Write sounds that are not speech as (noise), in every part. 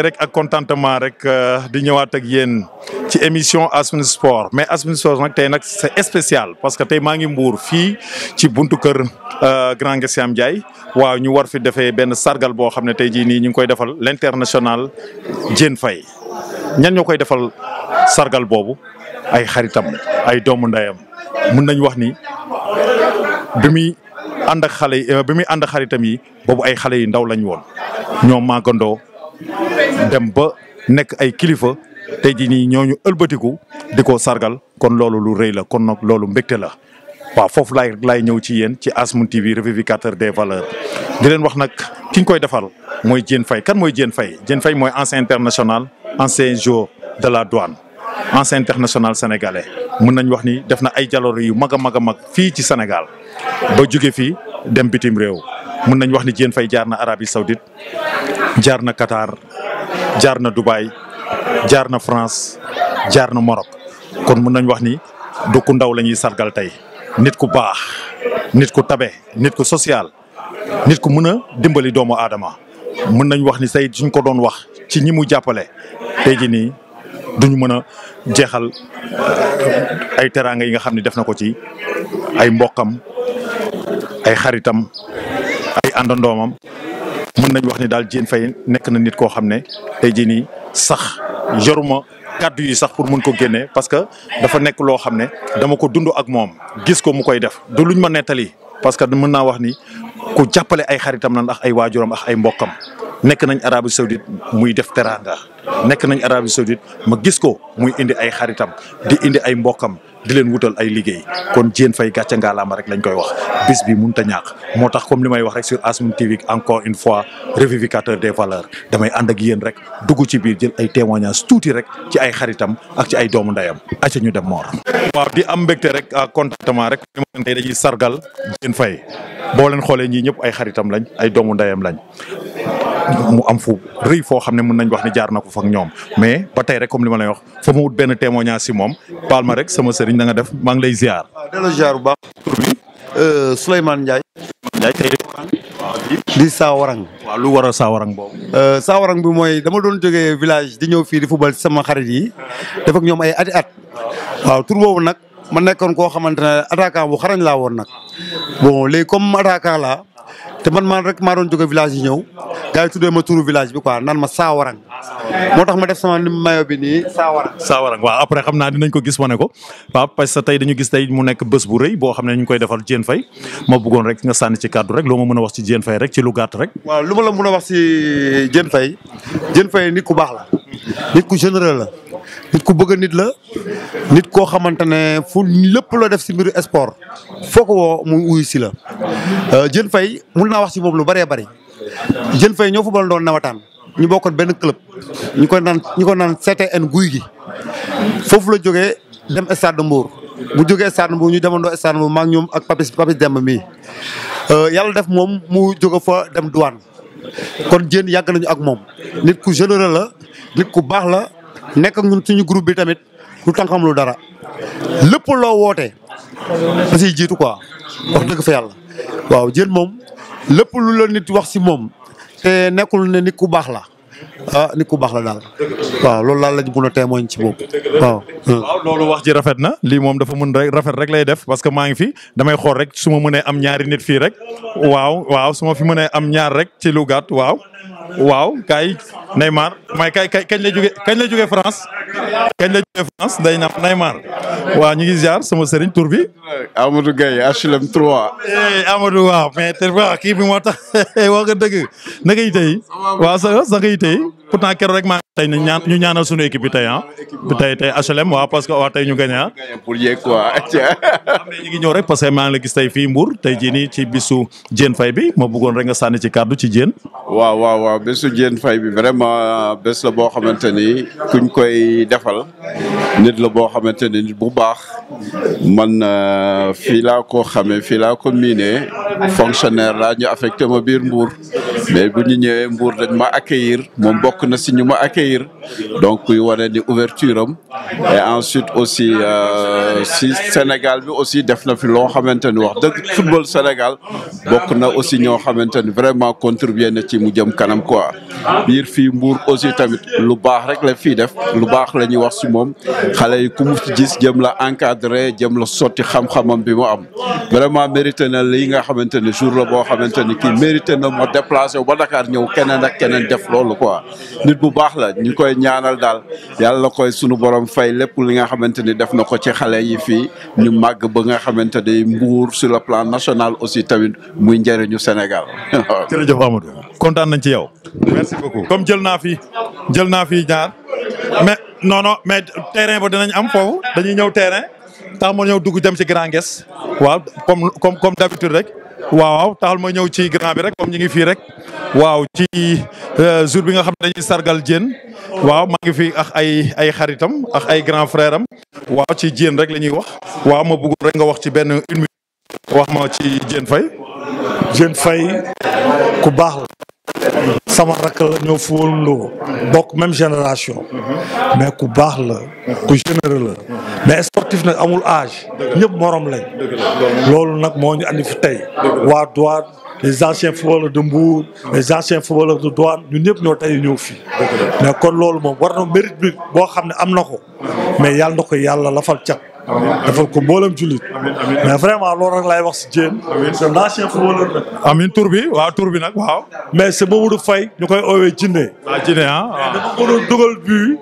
rek ak contentement rek euh, di ñëwaat ak yéen ci émission Asmin Sport mais Asmin Sport nag tey nag c'est spécial parce que tey maa ngi mbuur fii ci buntu kër euh, Grand Gassiam Ndiaye waaw ñu war fi defee benn sargal boo xam ne tey jii nii ñu ngi koy defal l'international Diène Faye ñan ñoo koy defal sargal boobu ay xaritam ay doomu ndayam mun nañ wax ni bi muy ànd ak xale muy ànd xaritam yi boobu ay xale yu ndaw lañ woon ñoom màggandoo dem ba nekk ay kilifa tey jii nii ñooñu ëlbatiku di ko sargal kon loolu lu rëy la kon nag loolu mbégte la waaw foofu laay laay ñëw ci yéen ci Asmoon TV revivificateur des valeurs di leen wax nag kiñ koy defal mooy Diène Faye kan mooy Diène fay jën fay mooy ancien international ancien joueur de la douane ancien international sénégalais mun nañ wax ni def na ay jaloor yu mag a mag a mag fii ci Sénégal ba jóge fii dem bitim réew mën nañ wax ni Diène fay jaar na Arabie Saoudite jaar na Qatar jaar na Dubaï jaar na France jaar na Maroc kon mën nañ wax ni du ndaw la ñuy sargal tey nit ku baax nit ku tabe nit ku social nit ku mën a dimbali doomu aadama mën nañ wax ni say suñ ko doon wax ci ñi mu jàppale tey jii nii duñ mën a jeexal euh, ay teraanga yi nga xam ne def na ko ci ay mbokkam ay xaritam ay àndandoomam mën nañ wax ni daal Diène Faye nekk na nit koo xam ne tey jii sax yoruma kàddu yi sax pour mën ko génnee parce que dafa nekk loo xam ne dama ko dund ak moom gis ko mu koy def du luñ ma nettali parce que mën naa wax ni ku jàppale ay xaritam na ndax ay waajuram ak ay mbokkam nekk nañ Arabie Saoudite muy def teraanga nekk nañ Arabie Saoudite ma gis ko muy indi ay xaritam di indi ay mbokkam di leen wutal ay liggéey kon fay Faye gàcce ngaalaama rek lañ koy wax bis bi mënut a ñàkk moo tax comme li may wax rek sur Asmoon TV encore une fois revivificateur des valeurs damay ànd ak yéen rek dugg ci biir jël ay témoignages tuuti rek ci ay xaritam ak ci ay doomu ndeyam acca ñu dem moor waaw di am mbégte rek contentement rek tey dañuy sargal Diène Faye boo leen xoolee ñii ñëpp ay xaritam lañ ay doomu ndayam lañ mu am fu rëy foo xam ne mun nañ wax ne jaar na ko fa ñoom mais ba tey rek li ma lay wax fa ma wut si moom palma rek Serigne da nga def ma ngi lay ziar. da la ziar bu baax tur bi. Eh, Souleymane Ndiaye. Ndiaye def di sawarang, wa lu wara sawarang bobu euh sawarang bi moy dama doon joge village di ñew fi di football sama xarit yi. def ak ñom ay at at. wa tour bobu nak ma nekkon ko xamante attaquant bu xarañ la won nak bon les comme attaquant la te man man rek maron doon village ñew ñëw tuddé ma touru village bi quoi nan ma sawarang motax ma def sama mayo bi ni sawarang sawarang wa après xamna dinañ ko gis woné ko wa parce que tay dañu gis tay mu nek bëss bu reuy bo xamné ñu koy defal Diène Fay ma bëggon rek nga sanni ci cadre rek loo ma wax ci Diène Fay rek ci lu gatt rek wa luma la mëna wax ci Diène Fay Diène Fay nit ku baax la nit ku généreux la nit ku bëgg nit la nit ko xamante fu lepp lo def ci mbiru sport foko wo mu uyu ci la jeun fay mun na wax ci bobu lu bari bëri Diène Faye ñoo football doon nawatan, ñu bokkoon ben club ñu nan naan nan CTN guy gi la joggé dem stade de Mbour bu joggé stade Mbour ñu demandoo stade Mbour maa ngi ñoom ak Papis Papis mi euh yalla def mom mu joggé fa dem douane kon jeun yag nañu ak mom nit ku généreux la nit ku bax la. nekk ak ñun suñu groupe bi tamit lu tànkam lu dara lépp loo woote da ciy jiitu quoi wax dëgg fa yàlla waaw jën moom lépp lu la nit wax si moom te nekkul ne nit ku baax la ah nit ku baax la daal waaw loolu daal lañ mën a témoin ci boobu hmm. waaw. loolu wax ji rafet na lii moom dafa mën rek rafet rek lay def parce que maa ngi fi damay xool rek su ma mënee am ñaari nit fii rek waaw mënee am ñaar rek ci lu gàtt waaw kay Neymar may kay kay kañ la jógee kañ France kañ la jógee France day na Neymar waaw ñu ngi ziar sama sëriñ tur bi. Amadou Gueye HLM 3. Eh, Amadou waaw mais te waaw kii bi moo tax (laughs) wax nga dëgg na ngay tey waaw sa sa ngay tey pourtant keroog rek maa tey ñu ñaan ñu ñaanal suñu équipe bi tey ah. tey tey HLM waaw parce que waaw tey ñu gagné ah. pour yéeg quoi. (laughs) ngi ñëw rek parce que maa ngi la gis tey fii Mbour tey jii nii ci bisu Diène Faye bi ma bëggoon rek nga sànni ci kàddu ci Diène. waaw waaw waaw bisu Diène Faye bi vraiment. vraiment le bord boo xamante ni kuñ koy defal nit bord boo xamante ni bu mon man euh, fii laa ko xamee fii laa ko fonctionnaire laa ñu affecté ma biir Mbour mais bu ñu ma accueillir mon bokk na si ma accueillir donc kuy wane ni des ouvertures et ensuite aussi euh, Sénégal bi aussi def na fi loo xamante wax football Sénégal bokk na aussi ñoo xamante vraiment contribué na ci mu jëm kanam quoi Mbour aussi tamit lu baax rek la fii def lu baax la ñu wax si moom xale yi ku mu ci gis jëm la encadré jëm sotti xam-xamam bi mu am vraiment mérité na lii nga xamante ne jour la boo xamante ni kii mérité na ma déplacé wu ba Dakar ñëw keneen ak keneen def loolu quoi nit bu baax la ñu koy ñaanal daal yàlla koy sunu borom fay lépp li nga xamante ni def na ko ci xale yi fii ñu màgg ba nga xamante ni Mbour sur le plan national aussi tamit muy njëriñu Sénégal (laughs) jërëjëf Amadou kontaan nañ ci yow jël naa fi jël naa fi ñaar mais non non mais terrain ba dinañ am foofu dañuy ñëw terrain tax moo ñëw dugg jëm ci grand ges waaw comme comme comme d'habitude rek waaw taxal ma ñëw ci grand bi rek comme ñu ngi fii rek waaw ci euh, jour bi nga xam ne dañuy sargal Diène waaw maa ngi fi ak ay ay xaritam ak ay grand frère waaw ci Diène rek la ñuy wax waaw ma bëggoon rek nga wax ci benn une minute wax ma ci Diène Faye jeune Faye ku baax la sama rakk la ñoo fuwandoo bokk même génération mais ku baax la ku généreux la mais sportif nag amul age ñëpp morom lañ loolu nag moo ñu andi fi tey waa Douane les anciens footballeurs de Mbour les anciens footballeurs de Douane ñun ñëpp ñoo tey ñëw fii mais kon loolu moom war mérite bi boo xam ne am na ko mais yàlla na ko yàlla lafal cat dafa ko mboolem jullit vraiment loolu laay wax si Diène c'est l'ancien footballeur la amin tur bi bi nag waaw mais c'est Mamadou Faye ñu koy oowee Jinne ah Jinne ah dafa ko doon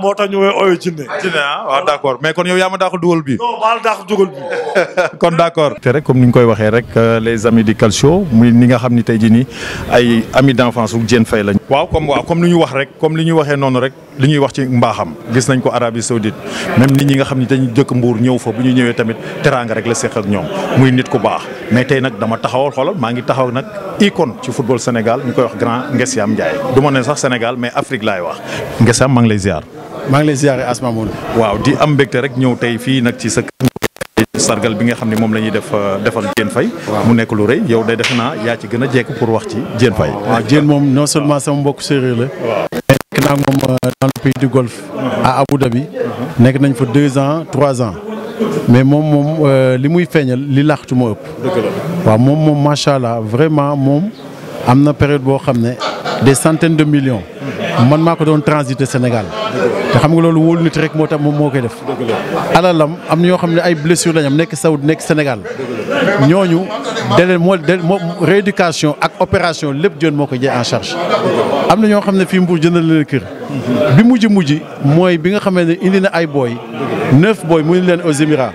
moo tax ñu koy oowee Jinne Jinne ah d'accord mais kon yow yaa ma daa ko dugal bi non maa la daa ko dugal bi (laughs) kon d'accord te rek comme ni ñu koy waxee rek euh, les amis du calcio ni nga xam ni tey jii nii ay amis d'enfance wu Diène Faye lañ waaw comme waaw comme li ñu wax rek comme li ñuy waxee noonu rek li ñuy wax ci mbaaxam gis nañ ko Arabie Saoudite même nit ñi nga xam ne dañu jëkk mbuur ñëw fa bu ñu ñëwee tamit teraanga rek la seq ak ñoom muy nit ku baax mais tey nag dama taxawal xoolal maa ngi taxaw nag icône ci football Sénégal ñu koy wax grand Ngesiam Ndiaye du ma ne sax Sénégal mais Afrique laay wax Ngesiam maa ngi lay ziar. maa ngi lay ziar Asma Moon waaw di am mbégte rek ñëw tey fii nag ci sa sargal bi nga xam ne moom la ñuy def euh, defal Diène Faye mu nekk lu rëy yow day defe naa yaa ci gën a jekk pour wax ci Diène Faye waaw Diène moom non Euh, dans le pays du golfe à Abu Dhabi il nañ deux ans trois ans mais ce que euh, les c'est que je vraiment il période bo xamné des centaines de millions man ont été transit au Sénégal té xam nga loolu wóolu rek mom mokay def alalam ay blessure Sénégal ñoñu rééducation opération en charge amna ñoo jëndal leen bi bi nga indi na ay boy neuf boy mu leen aux Émirats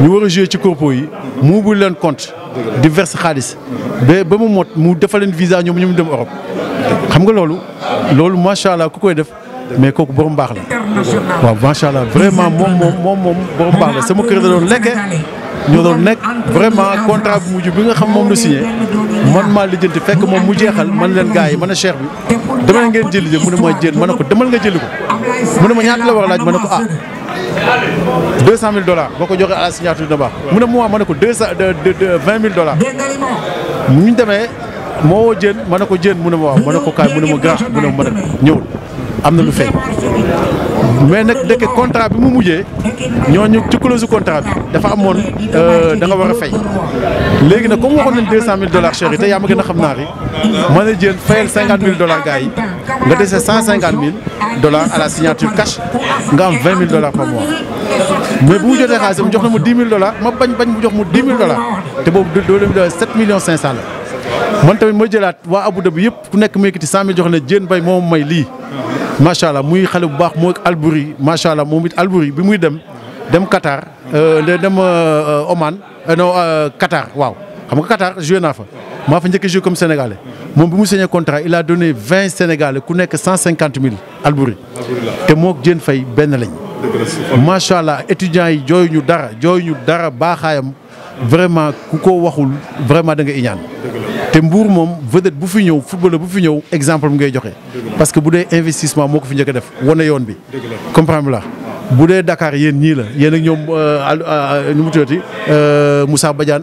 ñu wara jouer ci corpo yi mu compte di verse xaalis ba ba mu mot mu defal leen visa ñoom ñu mu dem Europe xam nga loolu loolu macha allah ku koy def mais kooku borom baax la waaw macha allah vraiment moom moom moom moom borom baax la sama kër la doon lekkee ñoo doon nekk vraiment contrat bu mujj bi nga xam moom la signé man maa lijjanti fekk moom mu jeexal man leen gars yi man a cheikh bi dama ngeen jëli jël mu ne ma jël ma ne ko demal nga jëli ko mu ne ma ñaata war a laaj ma ne ko ah. deux cent mille dollars boo ko joxee à la signature dina baax. mu ne moi ma ne ko deux cent vingt mille dollars. ñu demee moo woo jën ma ne ko jën mu ne ma waaw ma ne ko kaay mu ne ma grand mu ne ma mën ñëwul am na lu feeñ. mais nak dès que contrat bi mu mujjé ñoñu ci clause contrat bi dafa amone euh da nga wara fay légui nak comme waxon 200 000 dollars chérie té yama gëna pas ri ma lay 50 000 dollars gaay nga déssé 150 000 dollars à la signature cash nga am 20 000 dollars par mois mais bu jotté xaalisam jox na mu 10 000 dollars ma bañ bañ mu jox mu 10 dollars té 7 millions 500 000 man tamit ma jëlaat waa Abu Dhabi yëpp ku nekk mekiti yëkkati cent mille jox la Diène bay moo may lii. macha allah muy xale bu baax moo ak macha allah moom it Albouri bi muy dem dem Qatar euh, dem euh, Oman euh, non Qatar waaw xam nga Qatar joué naa fa. maa fa njëkk a joué comme sénégalais moom bi mu signé contrat il a donné vingt sénégalais ku nekk cent cinquante mille Albouri. te moo ak Fay Faye benn lañ. macha allah étudiants yi jooyu ñu dara jooyu ñu dara baaxaayam vraiment kuko vraiment da nga iñane té mbour mom vedette bu fi footballeur bu fi exemple ngay parce que boudé investissement moko fi njëkk def woné yoon bi comprendre Dakar yeen ñi la yeen ak ñu euh, euh, euh, Moussa Badiane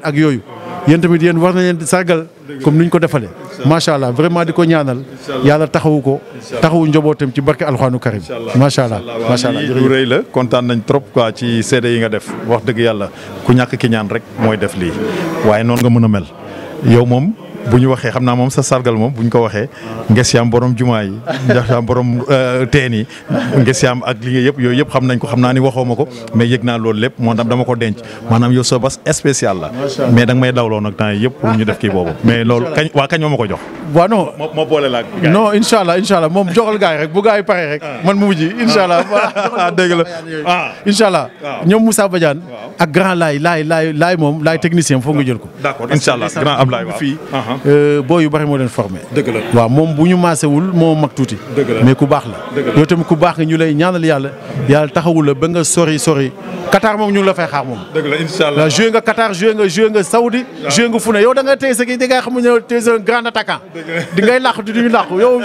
yéen tamit yéen war na leen di sargal comme ni ñu ko defalee macha allah vraiment di ko ñaanal yàlla taxawu ko taxawu njabootam ci barke alxuraanu karim macha allah macha allah lu rëy la kontaan nañ trop quoi ci seede yi nga def wax dëgg yàlla ku ñàkk ki ñaan rek mooy def lii waaye noonu nga mën a mel yow moom bu ñu waxee xam naa moom sa sargal moom bu ñu ko waxee ngesiyaam borom jumaa yi ngesiyaam borom euh, teen yi ngesiyaam ak li nga yëpp yooyu yëpp xam nañ ko xam naa ni waxoo ma ko mais yëg naa loolu lépp moo tax dama ko denc maanaam yow sa bas la mais da nga may dawloo nag temps yëpp pour ñu def kii boobu mais lool kañ waa kañ moo ko jox waaw non moo boole la moom joxal gars yi rek bu gars yi paree rek ah. man mu mujj incha allah ah, (laughs) ah la ah ñoom Moussa Badiane ak grand laay laay laay laay moom laay technicien foog nga jël ko d'accord incha allah Euh, boo yu bari moo leen formé waaw moom bu ñu maasewul moo mag tuuti mais ku baax la yow tamit ku baax nga ñu lay ñaanal yàlla yàlla taxawul la ba nga sori sori Qatar moom ñu la fay xaar moom dëgg nga Qatar joué nga joué nga nga fu yow da nga tey sa gi di nga xam ne tey un grand làqu di duñu làqu yow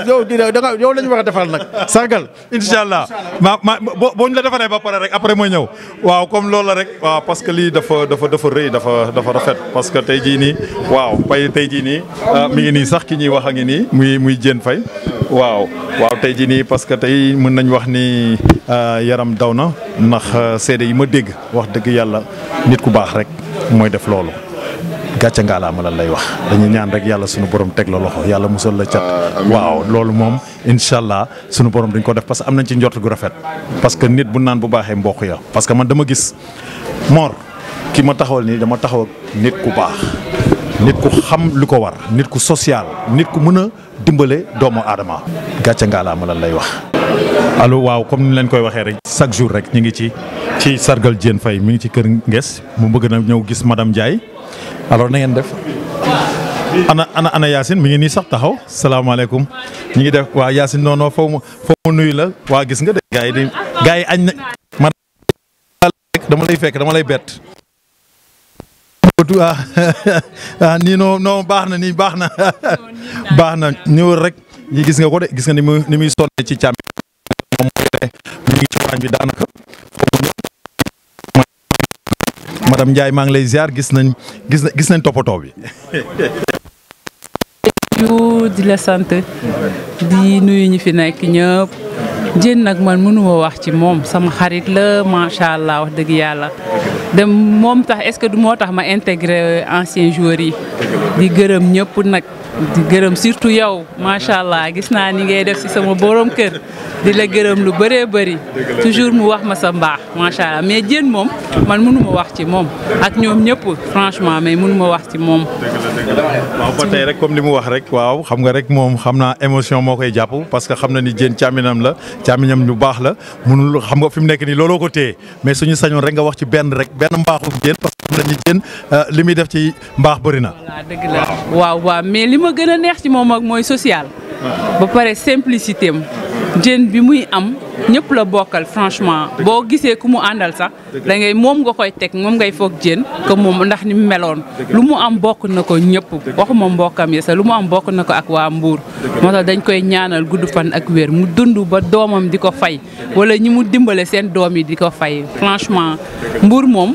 yow la ñu war a defal nag sargal inshallah ñu la defaree ba pare mooy ñëw waaw comme lii dafa dafa dafa rafet parce que jii nii waaw nii ah, mi ngi nii sax ki ñuy wax a ngi nii muy muy Diène Faye waaw waaw tey jii nii parce que tey mën nañ wax ni ah, yaram daw na ndax ah, seede yi ma dégg wax dëgg yàlla nit ku baax rek mooy def loolu ngaa laa ma lan lay wax dañu ñaan rek yàlla sunu borom teg la loxo yàlla musal la cat waaw loolu moom incha allah sunu borom dañ ko def parce que am nañ ci njort gu rafet parce que nit bu naan bu baaxee mboq ya parce que man dama gis Mor ki ma taxawal nii dama taxaw nit ku baax nit ku xam lu ko war nit ku social nit ku mën a dimbale doomu aadama gàcce ma lan lay wax. allo waaw comme ni leen koy waxee rek chaque jour rek ñu ngi ci ci sargal Diène Faye mi ngi ci kër ngees mu bëgg na ñëw gis madame Ndiaye alors na ngeen def. ana ana ana Yacine mi ngi nii sax taxaw salaamaaleykum ñu ngi def waa Yacine noonu foo mu mu nuyu la waa gis nga de. gars yi di gars yi añ na man dama lay fekk dama lay bett. waaw ah, (laughs) waaw ah, nii non baax na nii baax na (laughs) baax na ñëwal rek ñi gis nga ko de gis nga ni muy ni sonne ci càmm moom mu ngi ci waañ bi daanaka madame Ndiaye maa ngi lay ziar gis nañ gis nañ gis nañ toppatoo bi (laughs) di la sant di nuyu ñi fi nekk ñëpp jën nag man mënuma wax ci moom sama xarit la macha allah wax dëgg yàlla dem moom tax est-ce que du moo tax ma intégré anciens joueurs yi di gërëm ñëpp nag di gërëm surtout yow macha allah gis naa ni ngay def si sama borom kër di la gërëm lu bëree bëri toujours mu wax ma sa mbaax macha allah mais jën moom man mënuma wax ci moom ak ñoom ñëpp franchement mais munuma wax ci moom. waaw ba tey rek comme li mu wax rek waaw xam nga rek moom xam naa émotion moo koy jàpp parce que xam na ni jën càmminam la càmmiñam ñu baax la munul xam nga fi mu nekk nii looloo ko téye mais ñu sañoon rek nga wax ci benn rek benn mbaaxu jën parce que xam nañu jën euh, li muy def ci mbaax bëri na. dëgg la waaw waaw mais li ma gën a neex ci moom ak mooy social. ba pare simplicité am jën bi muy am ñëpp la bokkal franchement boo gisee ku mu àndal sax da ngay moom nga koy teg moom ngay foog jën que moom ndax ni mu meloon lu mu am bokk na ko ñëpp waxuma mbokkam yi sax lu mu am bokk na ko ak waa Mbuur moo tax dañ koy ñaanal gudd fan ak wér mu dund ba doomam di ko fay wala ñi mu dimbale seen doom yi di ko fay franchement Mbuur moom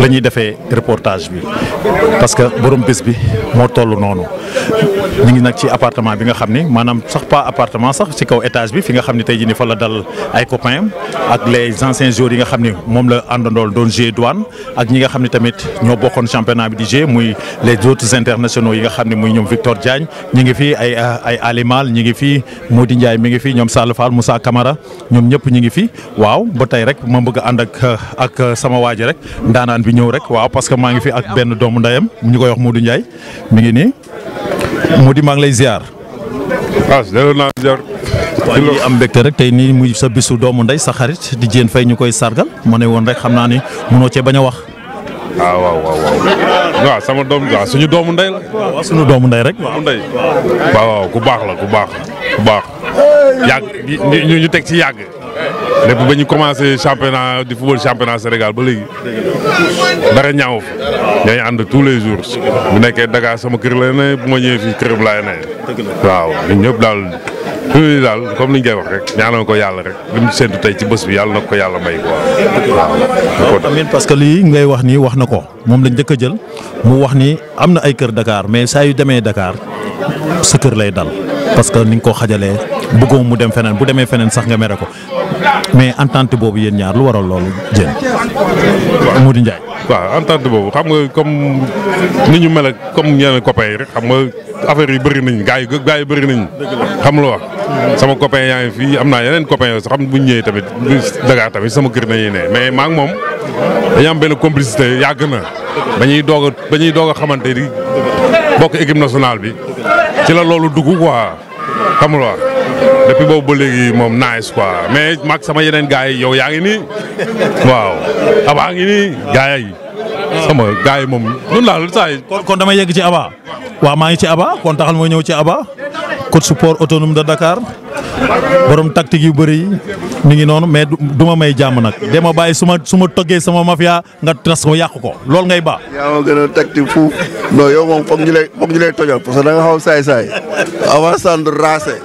la ñuy defee reportage bi parce que borom bés bi moo toll noonu ñu ngi nag ci appartement bi nga xam ni maanaam sax pas appartement sax ci kaw étage bi fi nga xam ni tey jii ni la dal ay copains am ak les yi nga xam ni moom la àndandool doon jouer douane ak ñi nga xam ni tamit ñoo bokkoon championnat bi di jouer muy les autres internationaux yi nga xam ni muy ñoom Victor Diagne ñi ngi fi ay ay Alimal ñi ngi fi di njaay mi ngi fi ñoom Sall Fall Moussa kamara ñoom ñëpp ñi ngi fi waaw ba ak sama waaji ndaanaan bi ñew rek waaw parce que ma ngi fi ak benn doomu ndayam ñu koy wax Modou ndjay mi ngi ni Modou ma ngi lay ziar. waaw ah, da na ziar. waaw ñu am mbégte rek tay ni muy sa bisu doomu ndey sa xarit di jeen fay ñukoy sargal mo ne won rek xamna ni mëno ci baña wax. ah waaw waaw waaw waaw sama doom waaw suñu doomu ndey la. waaw suñu doomu ndey rek. waaw ndey waaw ku baax la ku baax ku baax yag ñu ñu ci yag depuis ba ñu commencé championnat di football championnat Sénégal ba léegi dara ñaaw fa ñooy ànd tous les jours bu nekkee Dakar sama kër la ne bu ma ñëwee fii kër laay ne waaw ñun ñëpp daal loolu daal comme ni ñu koy wax rek ñaanal ko yàlla rek li mu séntu tey ci bés bi yàlla na ko yàlla may quoi. waaw tamit parce que lii ngay wax nii wax na ko moom lañ njëkk a jël mu wax nii am na ay kër dakaar mais saa yu demee Dakar sa kër lay dal parce que ni nga ko xajalee. bëggoo mu dem feneen bu demee feneen sax nga mere ko mais entente boobu yéen ñaar lu waral loolu jën Modou Ndiaye. waaw entente boobu xam nga comme ni ñu mel comme ñeneen copains yi rek xam nga affaire yi bëri nañ gaa yi gaa yi bëri nañ. xam lu wax. sama copain yaa ngi fii am naa yeneen copain yoo xam bu ñëwee tamit bu Dakar tamit sama kër nañuy ne mais maa moom dañu am benn complicité yàgg na. dañuy doog a dañuy doog a xamante ni bokk équipe nationale bi. ci depuis boobu ba léegi moom nice quoi mais mag sama yeneen gars yi yow yaa ngi nii waaw abaa ngi nii gars yi sama gay mom ñun la say kon dama yegg ci aba wa ma ngi ci aba kon taxal mo ñew ci aba coach support autonome de dakar borom tactique yu bari mi ngi non mais duma may jamm nak dema bay suma suma toggé sama mafia nga tras ko yak ko lol ngay ba yaa gëna tactique fu no yow mom fokk ñu lay fokk ñu lay tojal parce que da nga xaw say say avant sand racer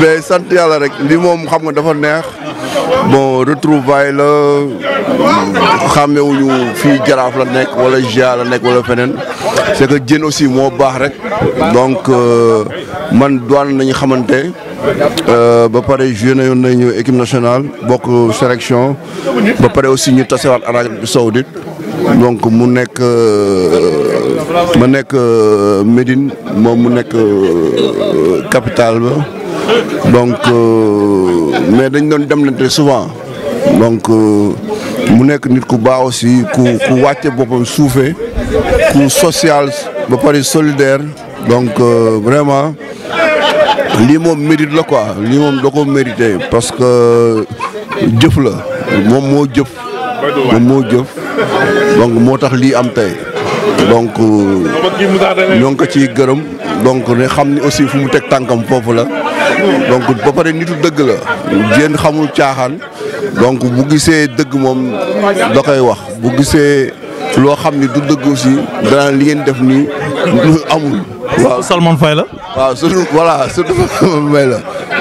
mais sant yalla rek li mom xam nga dafa neex bon retrouvaille la xàmmewuñu fii jaraaf la nekk wala gia la nekk wala feneen c'est que Diène aussi moo baax rek donc euh, man Douane nañu xamante euh, ba pare joué nañu nañu équipe nationale bokk sélection ba pare aussi ñu tasewaat Arabie Saoudite donc mu nekk euh, ma nekk Médine moom mu nekk capitale ba donc euh, mais dañ doon souvent donc euh, mu nit aussi ku social solidaire donc euh, vraiment lii moom mérite le quoi lii moom mérité parce que jëf la moom moo jëf moom donc donc donc aussi donc ba pare nitu dëgg la jéen xamul caaxaan donc bu gisee dëgg moom da koy wax bu gisee loo xam ni du dëgg aussi danaa li ngeen def nii amul waaw Salman Faye la. waaw surtout voilà la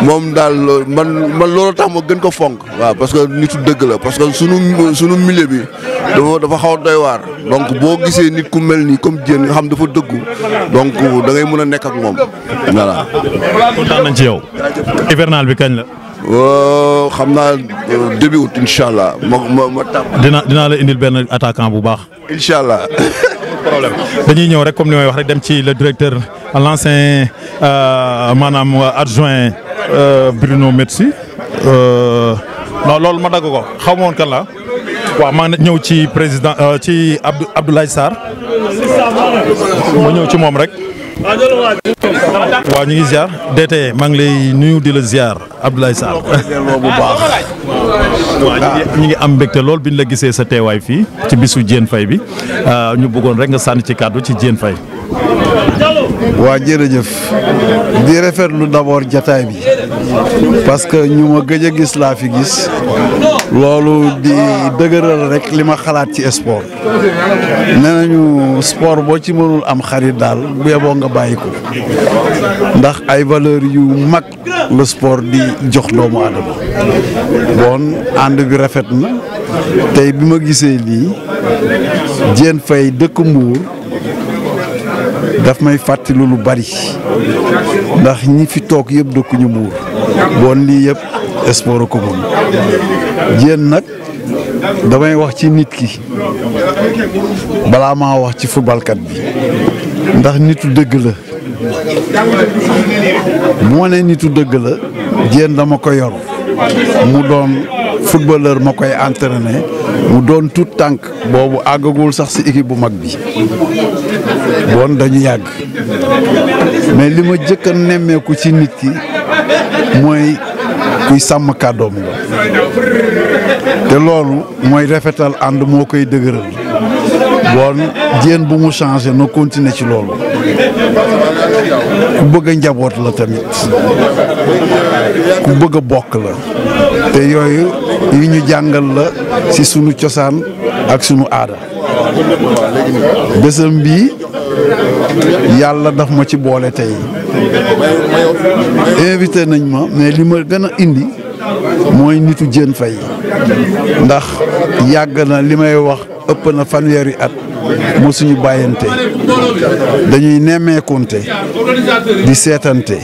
moom daal man man loolu tax ma gën ko fonk. waaw parce que nitu dëgg la parce que sunu sunu milieu bi dafa dafa xaw a doy waar donc boo gisee nit ku mel nii comme Diène nga xam dafa dëggu donc dangay mën a nekka moom voilà. kontaan nañ ci yow. hivernal bi kañ la. xam naa euh, début août incha allah ma ma dina dinaa la indil benn attaquant bu baax. incha allah. (laughs) problème dañuy ñëw rek comme li may wax rek dem ci le directeur l'ancien euh, maanaam euh, adjoint euh, Bruno Metsu non loolu ma dagg ko xaw ma woon kan la waaw maa ngi ñëw ci président ci Abdoulaye Sarr ma ñëw ci moom rek. waaw ñu ngi ziar DT maa lay nuyu di la ziar Abdoulaye Sarr. bu baax. ñu ngi am mbégte lool bi ñu la gisee sa teewaay fii ci bisu Diène fay bi ah, ñu bëggoon rek nga sànni ci kàddu ci Diène fay waa jërëjëf di rafetlu d'abord jataay bi parce que ñu ma gëj a gis laa fi gis loolu di dëgëral rekk li ma xalaat ci sport nee nañu sport boo ci mënul am xarit daal bu yeboo nga bàyyi ko ndax ay valeur yu mag le sport di jox doomu aadama bon ànd bi rafet na tey bi ma gisee lii Diène fay dëkk Mbour dafa may fàttali lu bari ndax ñi fi toog yëpp dëkkuñu mbuur bon lii yëpp sport ko moom jéen nag damay wax ci nit ki balaa maa wax ci footballkat bi ndax nitu dëgg la bu ma nee nitu dëgg la jéen dama ko yor mu doon footballeur ma koy entraîné mu doon tout tànk boobu àggagul sax ci équipe bu mag bi bon dañu yàgg mais li ma jëkk a nemmeeku ci nit ki mooy kuy sàmm kàddoom la te loolu mooy rafetal ànd moo koy dëgëral bon jéen bu mu changé na continuer ci loolu ku bëgg a njaboot la tamit ku bëgg bokk la te yooyu yi ñu jàngal la ci sunu cosaan ak sunu aada bésam bi yàlla daf ma ci boole tey invité nañ ma mais li ma gën a indi mooy nitu jën fay ndax yàgg na li may wax ëpp na fanweeri at mosuñu bàyyante dañuy nemmeekunte di seetante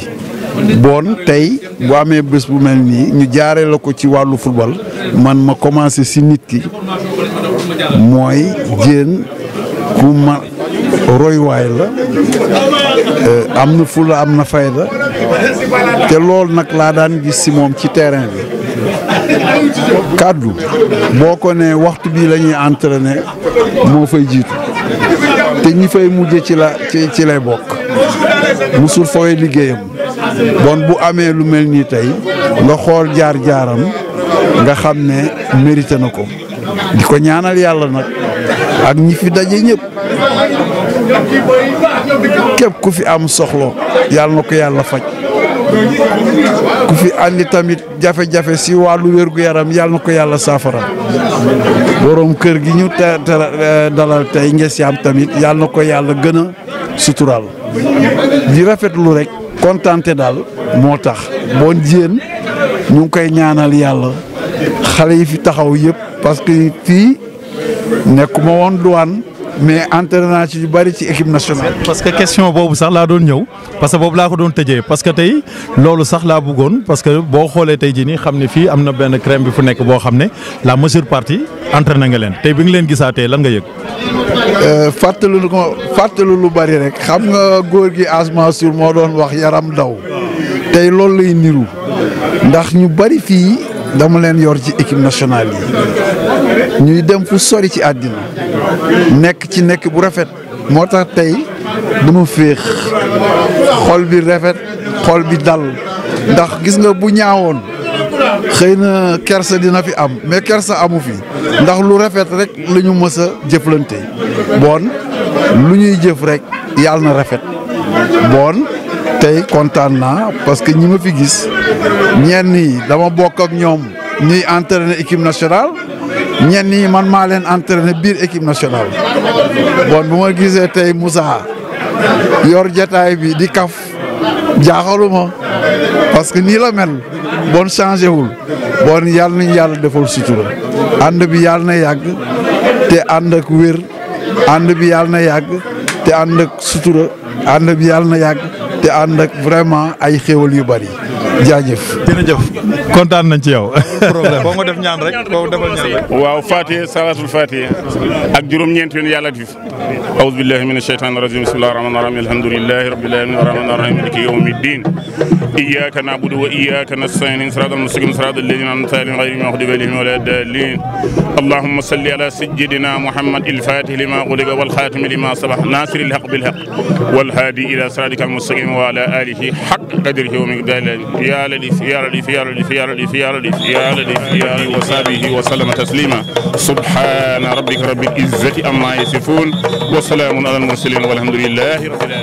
bon tey bu amee bés bu mel nii ñu jaaree la ko ci wàllu football man ma commencé si nit ki mooy jéen ku ma roywaay la euh, am na fula am na fayda te loolu nag laa daan gis si moom ci terrain bi kàddu boo ko ne waxtu bii la ñuy entraîné moo fay jiitu te ñi fay mujj ci la ci lay bokk musul fooy liggéeyam bon bu amee lu mel nii tey nga xool jaar-jaaram nga xam ne mérité na ko di ko ñaanal yàlla nag ak ñi fi daje ñëpp képp ku fi am soxlo yàlla na ko yàlla faj ku fi àndi tamit jafe-jafe si wàllu wér yaram yàlla na ko yàlla saafara borom kër gi ñu te eh, dalal tey ngees yaam tamit yàlla na ko yàlla gën a suturaal di rafetlu rek kontante daal moo tax bon jéen ñu ngi koy ñaanal yàlla xale yi fi taxaw yëpp parce que nekkuma woon mais entraîné naa ci bari ci équipe nationale. parce que question boobu sax laa doon ñëw parce que boobu laa ko doon tëjee parce tey loolu sax laa bëggoon parce que boo xoolee tey jii nii xam ne fii am na benn crème bi fu nekk boo xam ne la majeure partie entraîné nga leen tey bi nga leen gisaatee lan nga yëg. Euh, fàttalu lu ko fàttalu lu bari rek xam nga góor gi sur moo doon wax yaram daw tey loolu lay niru ndax ñu bari fii dama leen yor ci équipe nationale yi ñuy dem fu sori ci àddina. nekk ci nekk bu rafet moo tax tey dama féex xol bi rafet xol bi dal ndax gis nga bu ñaawoon xëy na kersa dina fi am mais kersa amu fi ndax lu rafet rek la ñu mës a jëflante bon lu ñuy jëf rek yàlla na rafet bon tey kontaan naa parce que ñi ma fi gis ñenn yi dama bokk ak ñoom ñuy entraîner équipe nationale ñenn ñi man maa leen entraîné biir équipe nationale bon bu ma gisee tey Moussa yor jataay bi di kaf jaaxaluma parce que nii la mel bon changé wul bon yàlla nañ yàlla defal sutura ànd bi yàlla na yàgg te ànd ak wér ànd bi yàlla na yàgg te ànd ak sutura ànd bi yàlla na yàgg te ànd ak vraiment ay xéwal yu bari jaajëf jërëjëf kontaan nañ ci yow. problème boo ma def ñaan rek boo defal ñaan rek. waaw Fatiha salaatul Fatiha ak juróom-ñeent yoon yàlla fi. awuzu billahi mina shaytaani rajim bismillahi rahmaani rahim alhamdulillahi rabbil alamin arrahmaani arrahim maliki yawmi ddin iyyaka na'budu wa iyyaka nasta'in siraatal mustaqiim siraatal lazina an'amta alayhim ghayril maghdubi alayhim wa laddallin allahumma salli ala sayyidina muhammad al-fatih lima ughliqa wal khatim lima sabaq nasiril haqq bil haqq wal hadi ila siratikal mustaqim wa ala alihi haqqa qadrihi wa miqdaarihi وسلم تسليما سبحان ربك رب العزة أما يصفون وسلام على المرسلين والحمد لله رب العالمين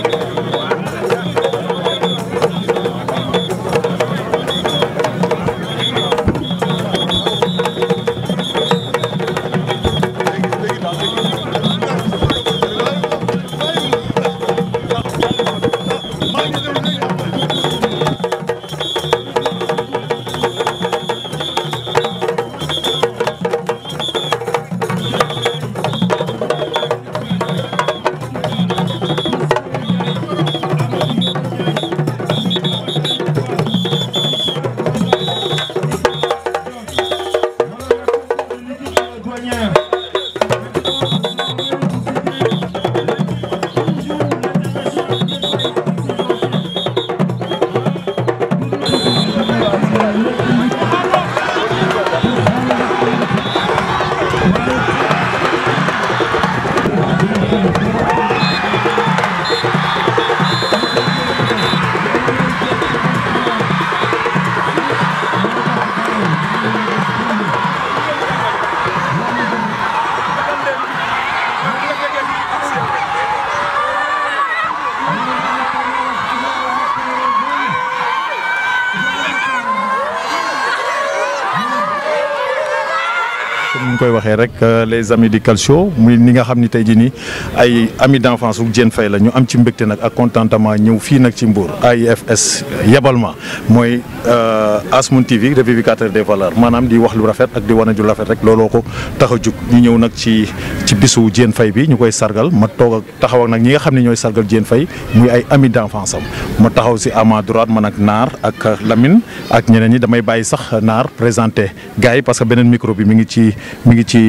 waxee rek euh, les amis du calcio muy ni nga xam ni tey jii nii ay amis d'enfance u Diène Faye la ñu am ci mbégte nag ak contentement ñëw fii nag ci Mbour AIFS yebal ma mooy euh, Asmoon TV revivificateur des valeurs maanaam di wax lu rafet ak di wane ju rafet rek looloo ko tax a jug ñu ñëw nag ci ci bisu Diène fay bi ñu koy sargal ma toog ak taxaw nag ñi nga xam ne ñooy sargal Diène fay muy ay amis d'enfance am ma taxaw si à ma droite man ak Naar ak Lamine ak ñeneen ñi damay bàyyi sax Naar présenté gars yi parce que beneen micro bi mu ngi ci mi ngi ci.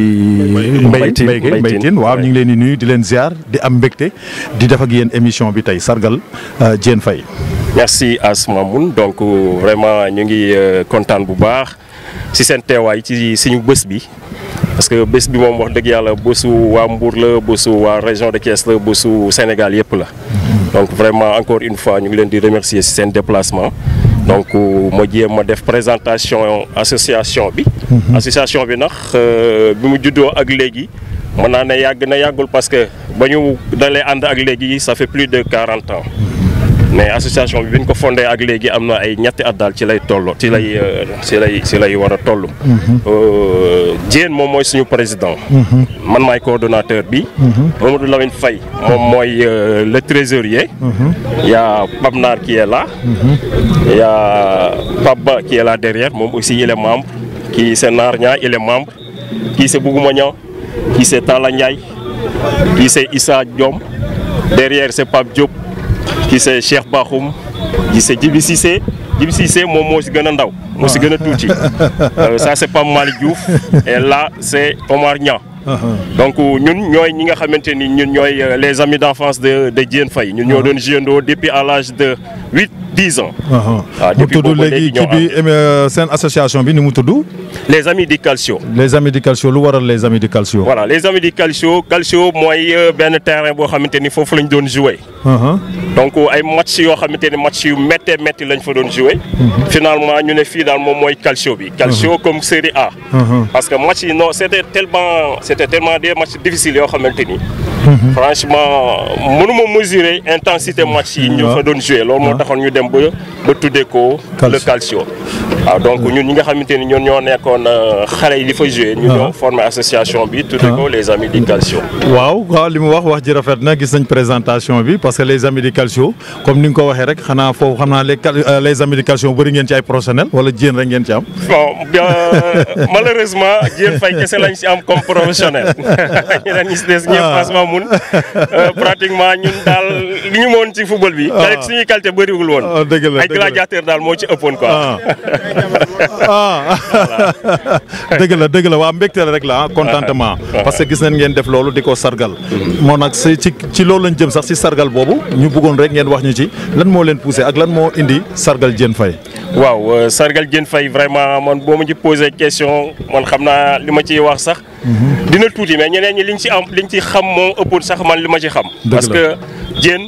mbaytin mbaytin waaw ñu ngi leen di nuyu di leen ziar di am mbégte di def ak yéen émission bi tey sargal euh, Diène Faye. merci Asmamoun donc vraiment ñu ngi euh, kontaan bu baax ci seen teewaay ci suñu bës bi. parce que bés bi moom wax dëgg yalla bésu wa Mbour la bésu wa région de Thiès la bésu Sénégal yépp la. donc vraiment encore une fois ñu ngi leen di remercier ci sen déplacement. donc ma jéem ma def présentation association bi. Mhm. association bi nag euh, bi mu juddoo ak légui Je na yag na parce que nous dalé and ak ça fait plus de 40 ans mais association bi bi ko fondé ak légui amna ay ñetti at daal ci lay toll ci lay euh, ci lay ci lay wara tollu mhm. euh suñu président. Mhm. man maay coordonnateur bi. Mhm. Mamadou Lamine Faye mom moy euh, le trésorier. y a Pape qui est là. y a Pape qui est là derrière mom aussi il est membre. Qui c'est Nar Niang il est membre. Qui c'est Bougouma Niang Qui c'est Tala Ndiaye Qui c'est Issa Diom derrière c'est Pape Diop. Qui c'est Cheikh Bakhoum Qui c'est Djibi c'est? Djibi c'est? moom moo si gën ndaw moo si gën a ah. (laughs) euh, ça c'est pas Malick Diouf (laughs) et là c'est Omar Niang ah, ah. donc ñun ñooy ñi nga xamante Nous ñun ñooy euh, les amis d'enfance de de Djien Faye ñun ñoo doon jiyandoo depuis à l'âge de huit 10 ans. waaw ah, ah. ah, depuis boobu léegi ñoo euh, association bi ni mu les amis du calcio. les amis du calcio lu waral les amis du calcio. voilà les amis du calcio calcio moy euh, ben terrain boo xamante ni foofu lañ doon huh donc euh, ay match yo xamante match yu metté metti lañ fa doon jouer. Mhm. finalement ñu né fi dal mom moy calcio bi. calcio mhm. comme série A. Mhm. parce que match non c'était tellement c'était tellement des matchs difficiles yo xamante Mhm. franchement mënu ma mesurer intensité mhm. match yi ñu fa doon jouer loolu mo taxone ñu dem ba ba tuddé ko le calcio ah donc ñun ñi nga xamante ni ñoon ñoo nekkoon euh, xalé yi fa jouer ñu ñoo ah. formé association bi tuddé ko ah. les amis du calcio waaw waaw limu wax wax ji rafet na gis nañ présentation bi parce que les amis du calcio comme ni nga ko waxee rek xana fofu xamna les euh, les amis du calcio bari ngeen ci ay professionnel wala jéen rek ngeen ci am bon euh, malheureusement jéen fay kese lañ ci am comme professionnel (laughs) ñeneen ñi si des ñëpp ah. franchement mun (laughs) euh, pratiquement ñun daal li ñu moon ci football bi. waaw ah. suñuy qualité bëriwul woon. Ah, dëgg la ay gladiateur daal moo ci ëppoon quoi. Ah. (laughs) (laughs) dëgg la dëgg la waa mbégte rek la contentement. parce que gis nañ ngeen def loolu di ko sargal. Mhm. moo nag si ci ci loolu lañ jëm sax si sargal boobu ñu bëggoon rek ngeen wax ñu ci lan moo leen poussé ak lan moo indi sargal Diène Faye. waaw euh, sargal Diène Faye vraiment man boo ma ci posé question man xam naa li ma ciy wax sax. Mm-hmm. dina tuuti mais ñeneen ñi liñ ci am liñ ci xam moo ëppoon sax man li ma ci xam parce que Diène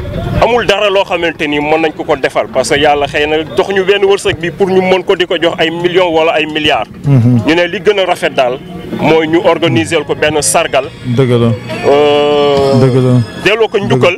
amul dara loo xamante ni mën nañ ko ko defal parce que yàlla xëy na jox ñu benn wërsëg bi pour ñu mën ko di ko jox ay million wala ay milliards. Mhm. ñu ne li gën a rafet daal mooy ñu organiser ko benn sargal. dëgg la euh, dëgg delloo ko njukkal.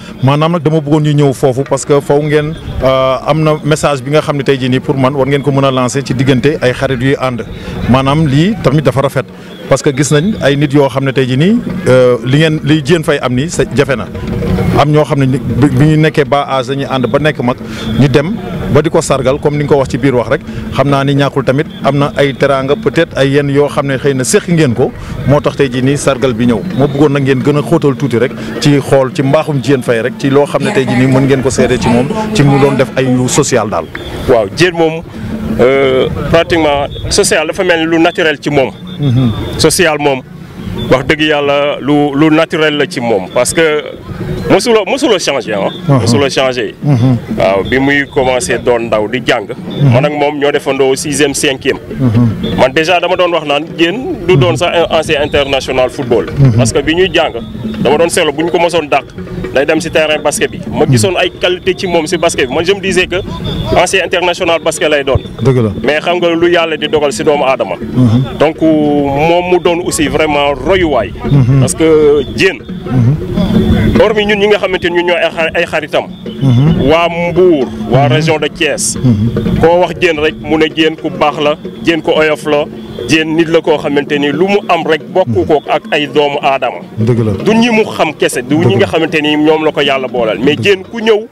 maanaam nag dama bëggoon ñu ñëw foofu parce que faw ngeen euh, am na message bi nga xam ne tey jii nii pour man war ngeen ko mën a lancer ci diggante ay xarit yuy ànd maanaam lii tamit dafa rafet parce que gis nañ ay nit yoo xam ne tey ji nii euh, li ngeen li jéen fay am nii sa jafe na am ñoo xam ne bi ñu nekkee ba âge dañuy ànd ba nekk mag ñu dem ba di ko sargal comme ni nga ko wax ci biir wax rek xam naa ni ñàkkul tamit am na ay teraanga peut-être ay yenn yoo xam ne xëy na séq ngeen ko moo tax tey ji nii sargal bi ñëw moo bëggoon nag ngeen gën a xóotal tuuti rek ci xool ci mbaaxum jéen fay rek ci loo xam ne tey jii nii mën ngeen ko seede ci moom ci mu doon def ay lu social daal. waaw jéen moom euh, pratiquement social dafa mel lu naturel ci moom. social moom wax dëgg yàlla lu lu naturel la ci moom parce que mësuloo mësuloo changé ah. mësuloo changé. waaw bi muy commencé doon ndaw di jàng. Uh-huh. man ak moom ñoo defandoo sixième cinquième. Uh-huh. man déjà dama doon wax Nan yéen du doon sax uh-huh. ancien international football. parce que bi ñuy jàng dama doon seetlu bu ñu ko mosoon dàq day dem si terrain basket bi. ma gisoon ay qualité ci moom si basket bi man je me disais que ancien international basket lay doon. dëgg la mais xam nga lu yàlla di dogal si doomu aadama. donc moom mu doon aussi vraiment royuwaay. parce que jéen. hormis ñun ñi nga xamante ni ñun ñoo ay xaritam. Mhm. waa Mbour waa mhm. région de Thiès. Mhm. koo wax jéen rek mu ne jéen ku baax la jéen ku oyof la. Diène nit la ko xamanteni lu mu am rek bokku hmm. ko ak ay doomu adam deug la du ñi mu xam kese. du ñi nga xamanteni ñom la ko yalla bolal mais Diène ku ñew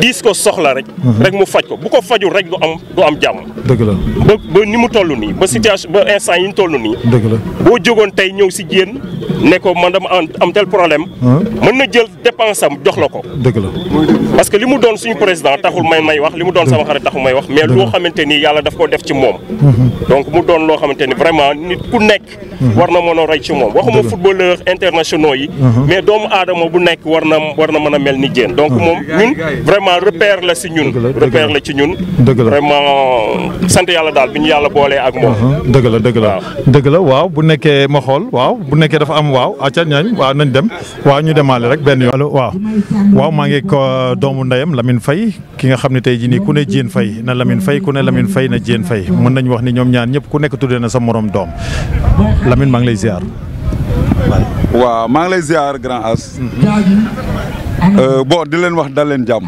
dis ko soxla rek. Hmm. rek mu faj ko bu ko faju rek du am du am jamm deug la ba ni mu tollu ni ba situation ba instant yi ñu tollu ni deug la bo jogon tay ñew ci Diène ne ko man dama am tel problème. Hmm. mën na jël dépense am jox la ko. deug la parce que li mu doon suñu président taxul may may wax li mu doon sama xarit taxul may wax. mais loo xamanteni yalla daf ko def ci mom donc mu doon lo xamante xamante ni vraiment nit ku nekk war na mën a roy ci moom waxuma footballeur internationaux yi mhm. mais doomu aadama bu nekk war na war na mën a mel ni Diène donc mhm. moom ñun vraiment la si ñun repère la ci ñun vraiment sant yàlla daal bi ñu yàlla boolee ak moom mhm. dëgg la dëgg la dëgg la waaw bu nekkee ma xool waaw bu nekkee dafa am waaw aca ñaañ waaw nañ dem waaw ñu demaale rek benn yoon waaw waaw maa ngi ko doomu ndeyam Lamine Faye ki nga xam ne tey jii nii ku ne Diène Faye na Lamine Faye ku ne Lamine Faye na Diène Faye mën nañ wax ni ñoom ñaan ñëpp ku nekk tuddee na sa morom doom Lamine maa ngi lay ziar. maa ngi lay ziar grand as. Euh, bon di leen wax dal leen jàmm.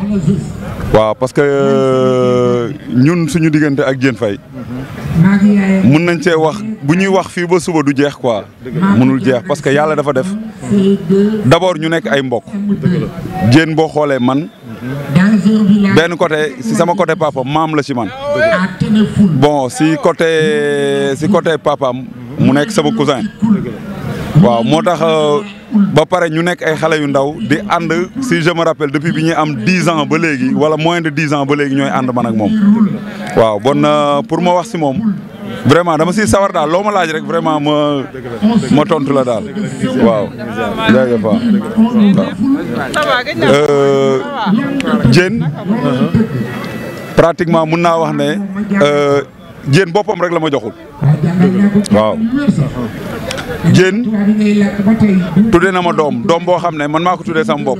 waaw parce que euh, ñun suñu diggante ak Diène Faye mun nañ cee wax bu ñuy wax fii ba suba du jeex quoi munul jeex parce que yàlla dafa def d'abord ñu nekk ay mbokk Diène boo xoolee man dans ben côté si sama côté papa mam la ci man. bon si côté si côté papa mu nek sama cousin. waaw motax euh, ba paré ñu nek ay xalé yu ndaw di and si je me rappelle depuis biñu am 10 ans ba légui wala moins de 10 ans ba légui ñoy and man ak mom waaw bon euh, pour ma wax si mom vraiment dama siy sawar daal loo ma laaj rek vraiment ma ma tontu la daal waaw jaajëf waaw euh, Diène pratiquement mun naa wax ne euh, Diène boppam rek la ma joxul waaw Diène tudde na ma doom doom boo xam ne man maa ko tuddee sama bopp.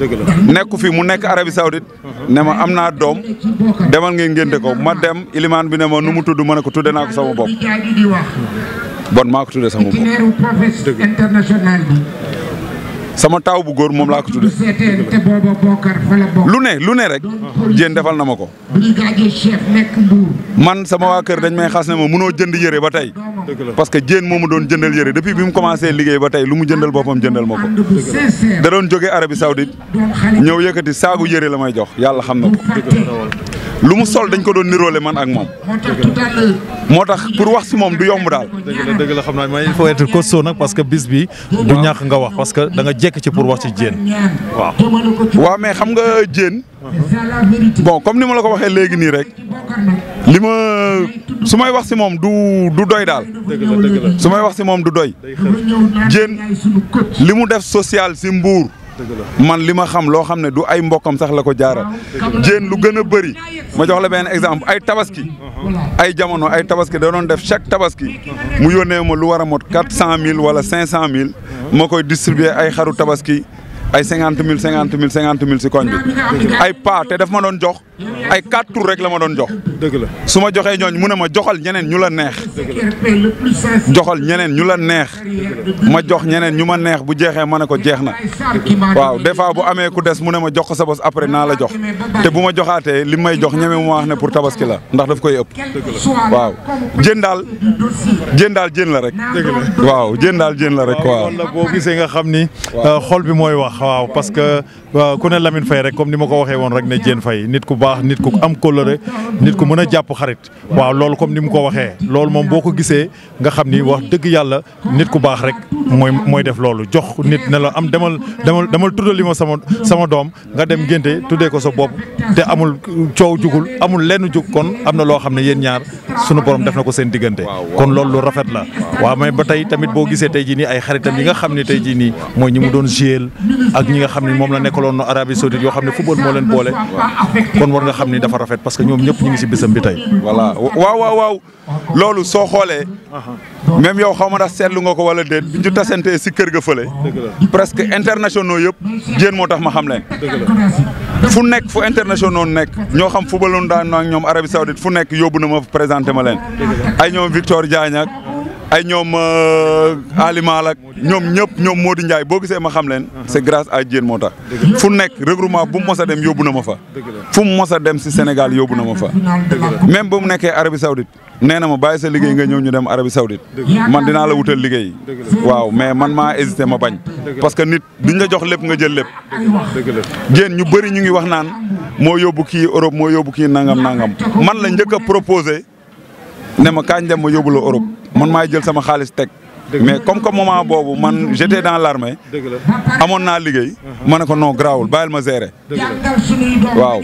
dëgg la nekku fi mu nekk Arabie Saoudite ne ma am naa doom demal ngeen ngénte ko ma dem ilimaan bi ne ma nu mu tudd ma ne ko tudde naa ko sama bopp bon maa ko tuddee sama bopp. sama taaw bu góor moom laa ko tuddee lu ne lu ne rek jéen defal na ma ko man sama waa kër dañ may xas ne ma mënoo jënd yére ba tey parce que jéen moo ma doon jëndal yëre depuis bi mu commencé liggéey ba tey lu mu jëndal boppam jëndal ma ko da doon jógee Arabie Saoudite ñëw yëkkati saagu yëre la may jox yàlla xam na ko lu mu sol dañ ko doon niroole man ak moom. moo tax pour wax si moom du yomb daal. dëgg la dëgg la xam naa mais il faut être costaud nag parce que bis bi. du ñàkk nga wax parce que danga jekk ci pour wax ci Diène. waaw waaw mais xam nga euh, Diène. bon comme ni ma la ko waxee léegi nii rek. li ma su may wax si moom du du doy daal. dëgg la su may wax si moom du doy. Diène li mu def social si mbuur man li ma xam loo xam ne du ay mbokkam sax la ko jaaral ah, jéen lu gën a bëri ma jox la benn exemple ay tabaski uh-huh. ay jamono ay tabaski da doon def chaque tabaski mu yónnee ma lu war a mot quatre cent mille wala cinq cent mille ma koy distribuer ay xaru tabaski ay cinquante mille cinquante mille cinquante mille si koñ bi ay pa te daf ma doon jox ay quatre tours rek la ma doon jox. dëgg la su ma joxee ñooñ mu ne ma joxal ñeneen ñu la neex. joxal ñeneen ñu la neex. ma jox ñeneen ñu ma neex bu jeexee ma ne ko jeex na. waaw des fois bu amee ku des mu ne ma jox ko sa bos après naa la jox te bu ma joxaatee li may jox ñeme mu wax ne pour tabaski la ndax daf koy ëpp. waaw jën daal jën daal jën la rek. waaw jën daal jën la rek waaw. waaw nga xam ni. Euh, xol bi mooy wax parce que. waaw ku ne Lamine Faye rek comme ni ma ko waxee woon rek ne Diène Faye nit ku baax nit ku am kóllëre nit ku mën a jàpp xarit waaw loolu comme ni mu ko waxee loolu moom boo ko gisee nga xam ni wax dëgg yàlla nit ku baax rek mooy mooy def loolu jox nit ne la am demal demal demal tuddali ma sama sama doom nga dem ngénte tuddee ko sa bopp te amul coow jugul amul lenn jug kon am na loo xam ne yéen ñaar sunu borom def na ko seen diggante kon loolu lu rafet la waaw mais ba tamit boo gisee tey jii nii ay xaritam yi nga xam ne tey jii nii mooy doon géel booloon na Arabie Saoudite yoo xam ne football moo leen boole. kon war nga xam ni dafa rafet parce que ñoom ñëpp ñu ngi si bésam bi tey. waaw waaw loolu soo xoolee. même yow xaw ma ndax ko wala déet bi ñu si kër ga fële. presque internationaux yëpp jéen moo tax ma xam leen. fu nekk fu internationaux nekk ñoo xam footballoon daan na ñoom Arabie Saoudite fu nekk yóbbu na ma présenté ma leen. ay ñoom Victor Diagne ay ñoom euh, aliment la ñoom ñëpp ñoom Modou Ndiaye boo gisee ma xam leen. c'est grâce à Diène moo tax. fu nekk regroupement bu mu mos a dem yóbbu na ma fa. fu mu mos a dem si Sénégal yóbbu na ma fa. même ba mu nekkee Arabie Saoudite nee na ma bàyyi sa liggéey nga ñëw ñu dem Arabie Saoudite. man dinaa la wutal liggéey. waaw mais man maa hésité ma bañ. parce que nit duñ la jox lépp nga jël lépp. Diène ñu bëri ñu ngi wax naan moo yóbbu kii Europe moo yóbbu kii nangam nangam man la njëkk a proposé ne ma kañ dem ma yóbbu man maay jël sama xaalis teg mais comme que moment bobu man j'étais dans l'armée amoon naa liggéey uh-huh. ma ne ko non grawul bàyyil ma gérer waaw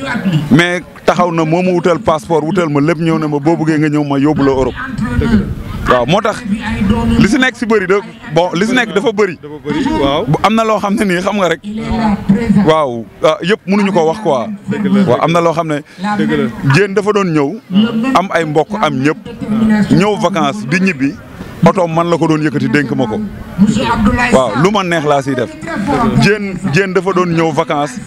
mais taxaw na moo ma wutal passeport wutal ma lepp ñew na ma bobu ge nga ñew ma yobul Deug la waaw motax tax li ci nekk si bëri da bon li si nekk dafa bëri waaw am na loo xam xam nga rek waaw mënu ñu ko wax quoi waaw amna lo loo deug la jéen dafa doon ñew am ay mbokk am ñëpp ñew vacances di ñibi otoom man la ko doon yëkkati dénk ma ko waaw lu ma neex laa siy def jéen jéen dafa doon ñëw vacances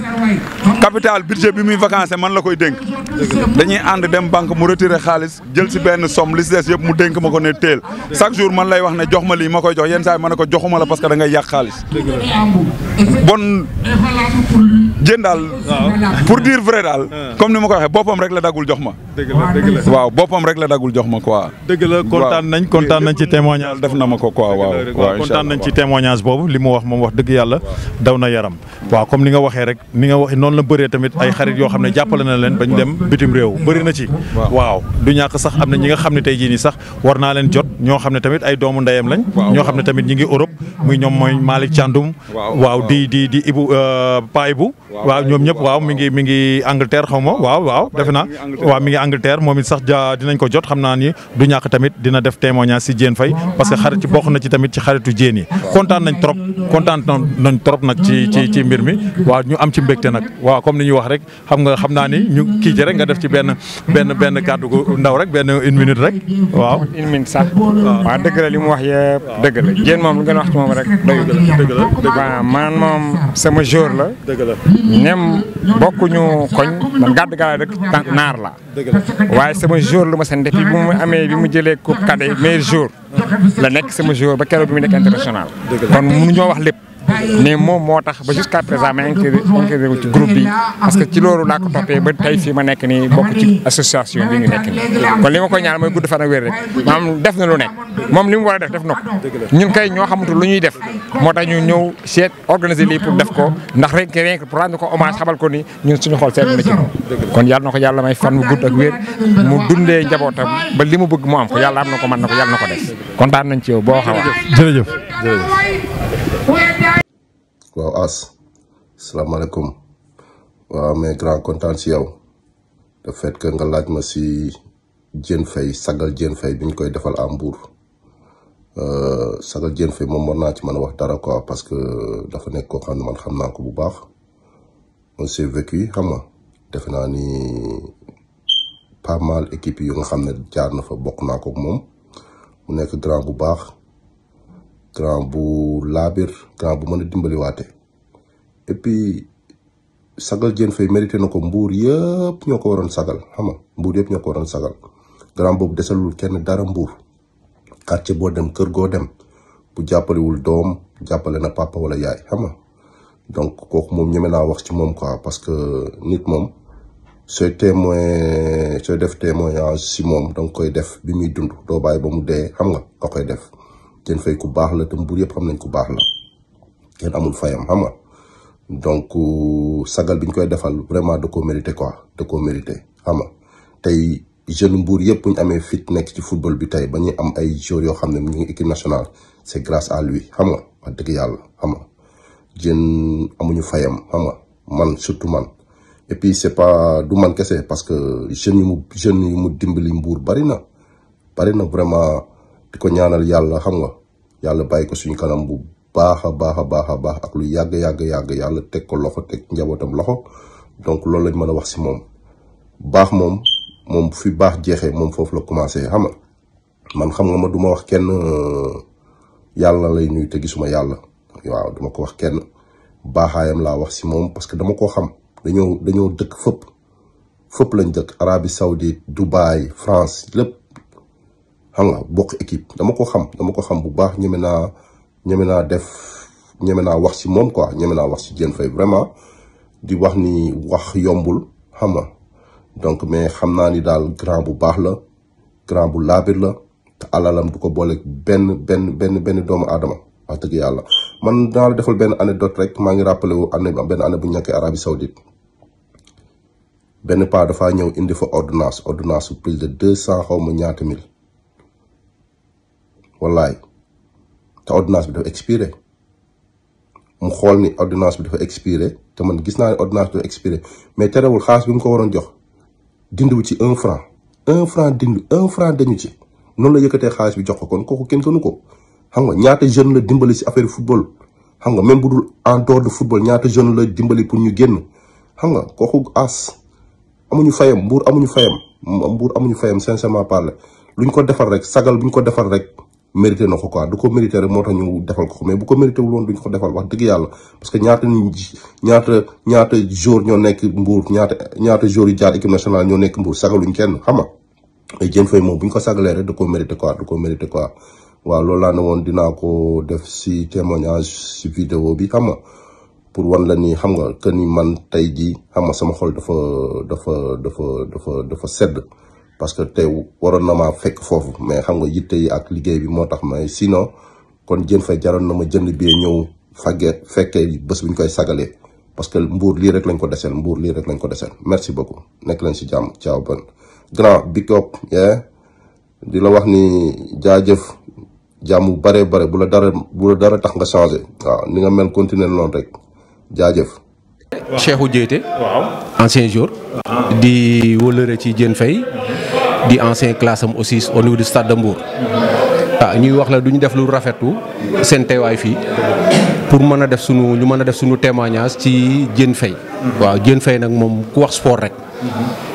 capital budget bi muy vacances man la koy dénk dañuy ànd dem banque mu retiré xaalis jël si benn somme li si des yëpp mu dénk ma ko ne teel chaque jour man lay wax ne jox ma lii ma jox yenn saa yi joxuma la parce que da ngay yàq xaalis bon jéen dal, pour dire vrai daal comme ni ma ko waxee rek la dagul jox ma waaw boppam rek la dagul jox ma quoi dëgg la kontaan nañ kontaan nañ ci témoignage def na ma quoi waaw waaw kontaan nañ ci témoignage boobu li mu wax moom wax dëgg yàlla daw na yaram waaw comme ni nga waxee rek ni nga waxee noonu la bëree tamit ay xarit yoo xam ne jàppale na leen bañ dem bitim réew bëri ci waaw du ñàkk sax am na ñi nga xam ne tey jii nii sax war naa leen jot ñoo xam ne tamit ay doomu ndeyam lañ ñoo xam ne tamit ñi ngi Europe muy ñoom mooy Malick Thiandoum waaw di di di Ibu euh, Pa Ibu waaw ñoom ñëpp waaw mi ngi mi ngi Angleterre xaw ma waaw waaw defe naa waaw mi ngi Angleterre moom it sax ja dinañ ko jot xam naa ni du ñàkk tamit dina def témoignage si Diène Faye parce que xarit ci bokk na ci tamit ci xaritu Diène yi kontaan nañ trop kontaan nañ trop nag ci ci ci mbir mi waaw ñu am ci mbégte nag waaw comme ni ñuy wax rek xam nga xam naa ni ñu kii ci rek nga def ci benn benn benn kàddu ndaw rek benn une minute rek waaw une minute sax waaw dëgg la li mu wax yëpp dëgg la Diène moom moom rek doy dëgg la waaw sama jour la dëgg ñem bokkuñu koñ man gàdd galaay rek naar la waaye sama jour lu ma seen depuis bu mu amee bi mu jëlee coupe cadet meilleur jour la nekk sama jour ba keroog bi mu nekk international kon mënuñoo wax lépp ne moom moo tax ba jusqu'à présent ma inclure inclure wu ci groupe bi parce que ci loolu laa ko toppee ba tey fii ma nekk nii bokk ci association ma koy ñaan mooy gudd fan ak wér rek maanaam def na lu nekk moom li mu war a def def na ko ñun kay ñoo xamatul lu ñuy def moo tax ñu ñëw seet organiser lii pour def ko ndax rek rien que pour rendre ko hommage xamal ko ni ñun suñu xool seet na ci kon yàlla na ko yàlla may fan mu gudd ak wér mu dundee njabootam ba li mu bëgg mu am ko yàlla am na ko mën na ko yàlla na ko def kontaan nañ ci yow boo xawa jërëjëf jërëjëf waaw As salaamaaleykum waaw mais grand kontaan si yow le fait que nga laaj ma si Diène Faye sagal Diène Faye bi ñu koy defal à Mbour euh, sagal jën Faye moom war naa ci mën a wax dara quoi parce que dafa nekk koo xam ne man xam naa ko bu baax on s'est vécu xam nga defe naa ni pas mal équipe yu nga xam ne jaar na fa bokk naa ko moom mu nekk grand bu baax. grand bu laabir grand bu mën a dimbaliwaate et sagal Diène Faye mérité na ko mbuur yëpp ñoo ko waroon sagal xam nga mbuur yëpp ñoo ko waroon sagal grand boobu desalul kenn dara mbuur quartier boo dem kër goo dem bu jàppalewul doom jàppale na papa wala yaay xam nga donc kooku moom ñeme naa wax ci moom quoi parce que nit moom sooy témoin sooy def témoignage si moom danga koy def bi muy dund doo bàyyi ba mu dee xam nga nga koy def ken fay ku bax la te mbur yepp xam nañ ku bax la ken amul fayam xam nga donc euh, sagal biñ koy defal vraiment da ko mérité quoi da ko mérité xam nga tay jeune mbur yepp buñ amé fit nek ci football bi tay ba am ay joueur yo xamné ne ngi équipe nationale c'est grâce à lui xam nga wa deug yalla xam nga amuñu fayam xam nga man surtout man et puis c'est pas du man kessé parce que jeune mu jeune mu dimbali mbur bari na bari na vraiment di ko ñaanal yàlla xam nga yàlla bàyyi ko suñu kanam bu baax a baax a baax a baax ak lu yàgg yàgg yàgg yàlla teg ko loxo teg njabootam loxo donc loolu lañ mën a wax si moom baax moom moom fi baax jeexee moom foofu la commencé xam nga man xam nga ma duma wax kenn euh, yàlla lay nuy te gisuma yàlla waaw duma ko wax kenn baaxaayam laa wax si moom parce que dama ko xam dañoo dañoo dëkk fëpp fëpp lañ dëkk arabie saoudite dubai france lépp xam bok équipe dama ko xam dama ko xam bu baax def ñeme wax ci mom quoi ñeme wax ci Diène fay vraiment di wax ni wax yombul xam nga donc mais xam ni dal grand bu baax la grand bu labir la te alalam du ko bolé ben ben ben ben doomu aadama wax deug yalla man dal la defal ben anecdote rek ma ngi rappelé wu ane ben ane bu ñàkkee Arabie Saoudite ben pa dafa ñëw indi fa ordonnance ordonnance plus de 200 xawma ma ñaata mille wallaay te ordonnance bi dafa expiré mu xool ni ordinance bi dafa expiré te man gis naa ne ordonnance bi dafa expiré mais terewul xaalis bi mu ko waroon jox dind dindiwu ci un franc un franc dindi un franc dañu ci noonu la yëkkatee xaalis bi jox ko kon kooku kenn kënu ko xam nga ñaata jeune la dimbali si affaire football xam nga même bu dul en dehors de football ñaata jeune la dimbali pour ñu génn xam nga kooku as amuñu fayam mbuur amuñu fayam mbuur amuñu fayam sincèrement parler luñ ko defar rek sagal buñ ko defar rek mérité na ko quoi du ko mérité moo tax ñu defal ko mais bu ko mérité wul woon duñ ko defal wax dëgg yàlla parce que ñaata ñaata ñaata jour ñoo nekk mbuur ñaata ñaata jour yu jaar équipe nationale ñoo nekk Mbour sagaluñ kenn xam nga ay Diène Faye moom bu ñu ko sagalee rek da ko mérité quoi du ko mérité quoi waaw loolu laa ne woon dinaa ko def si témoignage si vidéo bi xama pour wan la ni xam nga que ni man tey jii xam nga sama xol dafa dafa dafa dafa dafa sedd parce que tey waroon na maa fekk foofu mais xam nga yitte yi ak liggéey bi moo tax may sinon kon jën fa jaroon na ma jënd bee ñëw fagge fekkee bés bu ñu koy sagalee parce que mbuur lii rek lañ ko deseel mbuur lii rek lañ ko deseel merci beaucoup nekk leen si jàmm ciao bon grand big up di la wax ni jaajëf jàmm bu bare bare bu la dara bu dara tax nga changé waaw ni nga mel continuer noonu rek jaajëf Cheikhou Diété waaw jours joueur di wëlëre ci jën Faye di ancien classe am aussi au niveau du stade de Mbour ah ñuy wax la du ñu def lu rafetlu seen teewaay fii pour mën a def sunu ñu mën a def sunu témoignage ci jën Faye mm-hmm. waaw jën Faye nag moom ku wax sport rek mm-hmm.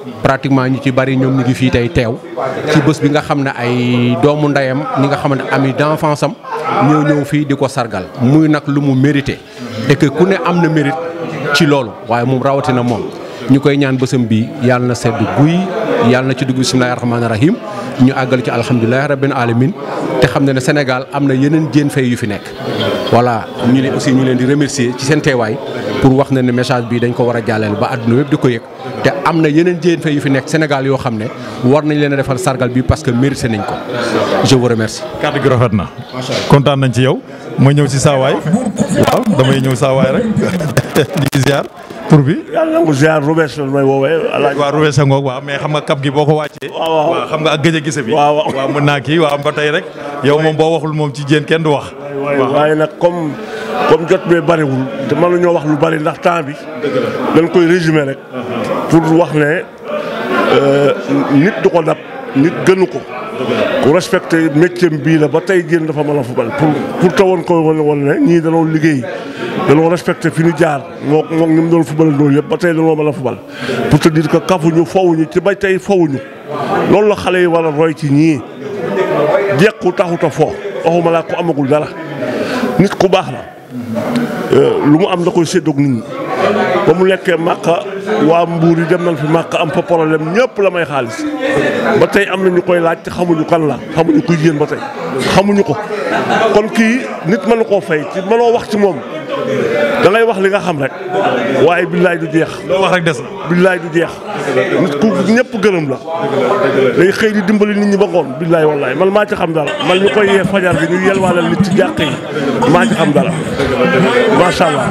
pratiquement ñu ci bari ñoom ñu ngi fii tey teew ci bés bi nga xam ne ay doomu ndeyam ñi nga xamante ami d'enfance am ñoo ñëw fii di ko sargal muy nag lu mu mérité et ku ne am na mérit ci loolu waaye moom rawatina moom ñu koy ñaan bésam bi yàlla na sedd guy yàlla na ci dugg bisimilahi rahmaani rahim ñu àggal ci alhamdulilahi rabbil alamin te xam ne ne Sénégal am na yeneen jéen fay yu fi nekk voilà ñu ne aussi ñu leen di remercier ci seen teewaay pour wax na ne message bi dañ ko war a jàllale ba àdduna yëpp di ko yëg te am na yeneen jéen fay yu fi nekk Sénégal yoo xam ne war nañ leen a defal sargal bi parce que mérité nañ ko je vous remercie. kàddu gi rafet na kontaan nañ ci yow ma ñëw ci saawaay waaw damay ñëw saawaay rek (laughs) di ziar. pour bi. yàlla na ko ziar Robes la may woowee. alaaj waaw a ngoog waaw mais xam nga kap gi boo ko wàccee. waaw xam nga ak gëj a gise bi. waaw waaw naa kii waaw ba tey rek. yow moom boo waxul moom ci jéen kenn du wax. waaw waaye nag comme comme jot bee bariwul te ñoo wax lu bari ndax temps bi. dañ koy résumer rek. pour wax ne euh, nit du ko dab nit gënu ko. ku respecté métier bii la ba tey jéen dafa mën a fubal pour pour tawoon ko woon ne ñii danoo liggéey. dañoo respecté fi ñu jaar moo moom ñi mu doon fubal loolu yëpp ba tey dañoo mën a fubal pour te dire que kafuñu fowuñu ci ba tey fowuñu loolu la xale yi war a roy ci ñii jekku taxut a fo waxuma laa ko amagul dara nit ku baax la euh, lu mu am da koy séddoog nit ñi ba mu lekkee màkka waa mbuur yi dem nañ fi màkka am fa problème ñëpp la may xaalis ba tey am na ñu koy laaj te xamuñu kan la xamuñu kuy yéen ba tey xamuñu ko kon kii nit mënu koo fay ci mënoo wax ci moom Yeah. da wax li nga xam rek waaye billaay du jeex. wax rek des na billaay du jeex. nit ku ñëpp gërëm la. day xëy di dimbali nit ñi ba ngoon billaay wallaay man maa ci xam dara man ñu koy yee fajar bi ñu yelwaalal nit ci jàkk yi maa ci xam dara macha allah.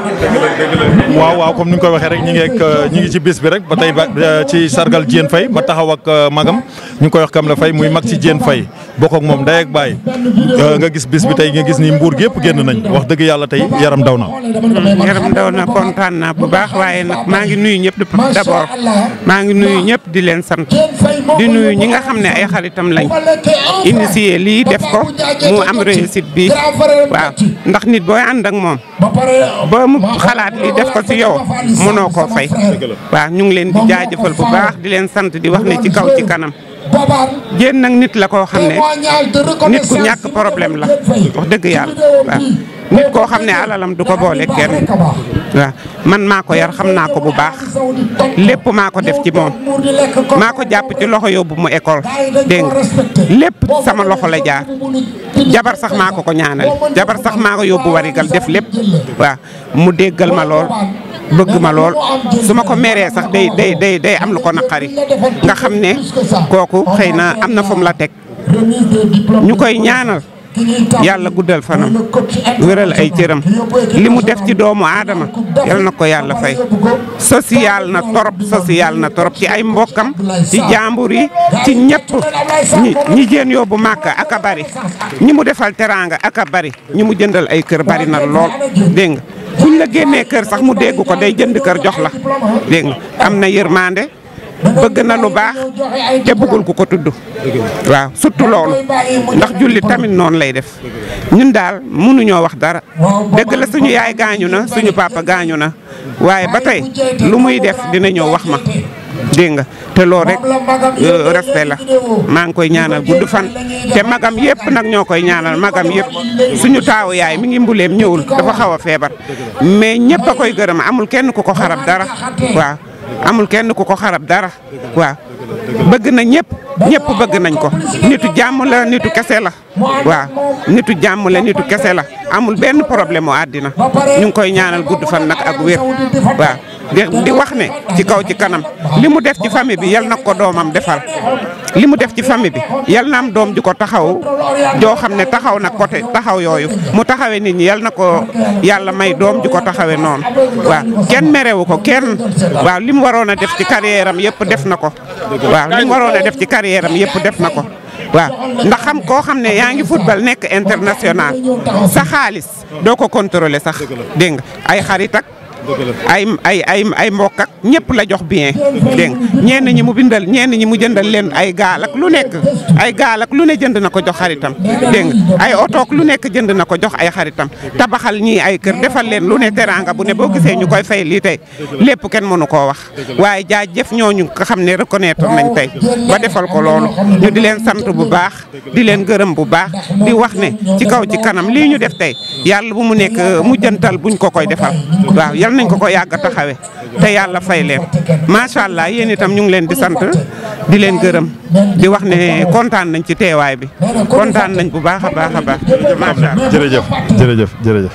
waaw waaw comme ni nga koy waxee rek ñu ngi ñu ngi ci bis bi rek ba tey ba euh, ci sargal Diène Faye ma taxaw ak euh, magam ñu koy wax kam la Faye muy mag ci Diène Faye bokk moom day ak baay euh, nga gis bis bi tey nga gis ni mbuur gépp génn nañ wax dëgg yàlla tey yaram daw na yaram daw na kontaan naa bu baax waaye nag maa ngi nuyu ñëpp d'abord maa ngi nuyu ñëpp di leen sant di nuyu ñi nga xam ne ay xaritam lañ initié lii def ko mu am sit bi waaw ndax nit booy ànd ak moom ba mu xalaat li def ko ci yow mënoo ko fay waaw ñu ngi leen di jaajëfal bu baax di leen sant di wax ne ci kaw ci kanam jéen nag nit la ko xam ne nit ku ñàkk problème la dëgg yàlla waaw nit koo xam ne alalam du ko boole kenn waaw man maa ko yar xam naa ko bu baax lépp maa ko def ci moom maa ko jàpp ci loxo yóbbu mu école dégg nga lépp sama loxo la jaar jabar sax maa ko ko ñaanale jabar sax maa ko yóbbu warigal def lépp waaw mu déggal ma lool bëgg ma lool su ma ko meree sax day day day day am lu ko naqari nga xam ne kooku xëy na am na fu la teg ñu koy ñaanal. yàlla guddal fanam wéral ay cëram li mu def ci doomu aadama yal na ko yàlla fay social na torop social na torop ci ay mbokkam ci jàmbur yi ci ñëpp ñi ñi jéen yóbbu màkka aka bari ñi mu defal teraanga aka bari ñi mu jëndal ay kër bari na lool dégg nga la génnee kër sax mu dégg ko day jënd kër jox la dégg am na yërmande bëgg na lu baax te bëggul ku ko tudd waaw surtout loolu ndax julli tamit noonu lay def ñun daal mënuñoo wax dara dëgg la suñu yaay gaañu na suñu papa gaañu na waaye ba tey lu muy def dina ñëw wax ma dégg nga te loolu rek euh, respect la maa ngi koy ñaanal gudd fan te magam yëpp nag ñoo koy ñaana magam yëpp suñu taawu yaay mi ngi mbuleem ñëwul dafa xaw a feebar mais ñëpp a koy gërëm amul kenn ku ko xarab dara waaw amul kenn ku ko xarab dara waaw bëgg na ñëpp ñëpp bëgg nañ ko nitu jàmm la nitu kese la waaw nitu jàmm la nitu kese la amul benn problème mu àddina ñu ngi koy ñaanal gudd fan nag ak wér waaw di wax ne ci kaw ci kanam li mu def ci famille bi yal na ko doomam defal li mu def ci famille bi yal na am doom ju ko taxaw joo xam ne taxaw na côté taxaw yooyu mu taxawe nit ñi yal na ko yàlla may doom ju ko taxawe noonu waaw kenn merewu ko kenn waaw li mu waroon a def ci carrière am yëpp def na ko waaw li mu waroon def ci carrière am yëpp def na ko waaw ndax xam koo xam ne yaa ngi football nekk international sa xaalis doo ko contrôler sax dégg nga ay xarit ak ay ay ay ay mbokk ak ñëpp la jox bien dégg ñenn ñi mu bindal ñenn ñi mu jëndal leen ay gaalak lu nekk ay gaal lu ne jënd na ko jox xaritam dégg ay oto lu nekk jënd na ko jox ay xaritam tabaxal ñii ay kër defal leen lu ne teraanga bu ne boo gisee ñu koy fay lii tey lépp kenn mënu koo wax waaye jaajëf ñooñu nga xam ne reconnaître nañ tey ba defal ko loolu ñu di leen sant bu baax di leen gërëm bu baax di wax ne ci kaw ci kanam lii ñu def tey yàlla bu mu nekk mujjantal buñ ko koy defal yal nañ ko ko yàgg a taxawee te yàlla fay leen macha allah yéen itam ñu ngi leen di sant di leen gërëm di wax ne kontaan nañ ci teewaay bi kontaan nañ bu baax a baax a baax. macha allah jërëjëf jërëjëf jërëjëf.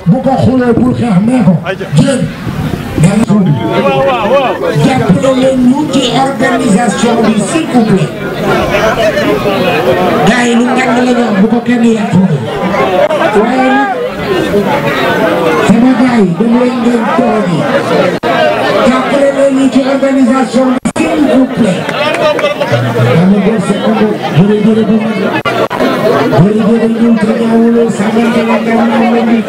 jàppale sama gars yi dañ leen leen toogee jàppale leen ñu ci organisation bi s'il vous plaît. Ama Baldé Secondo bu mag la jërëjëf ñun te ñaawuloo sàmmante la nga mën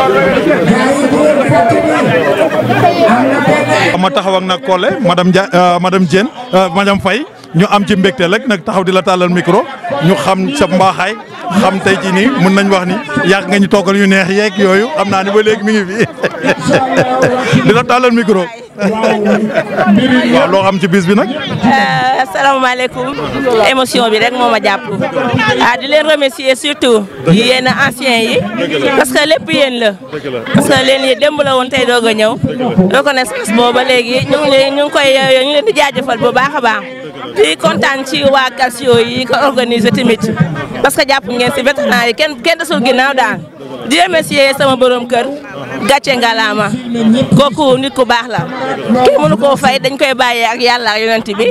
a mën di ma taxaw ak nag Collé madame Dia euh, madame Diène euh, madame Faye ñu am ci mbégte lek nag taxaw di la tàllal mikro ñu xam sa mbaxaay xam tey jii nii mun nañ wax ni yàgg nga ñu toggal yu neex yeeg yooyu xam naa ni ba léegi mi ngi fi (laughs) dina tàllal micro. (laughs) waaw loo xam ci bis bi nag. Eh, asalaamaaleykum émotion bi rek moo a jàpp ah di leen remercier surtout yéen anciens yi parce que lépp yéen la parce leen yi démb la woon tey doog a ñëw reconnaissance boobu ba léegi ñu koy ñu ngi leen di jaajëfal bu baax a baax. di kontaan ci waa Calcio yi ko organisé tamit parce que jàpp ngeen si vétérans yi kenn kenn desul ginnaaw daan di remercier sama borom kër gàcce ngalaama kooku nit ku baax la kenn mënu koo fay dañ koy bàyyee ak yàlla ak yonent bi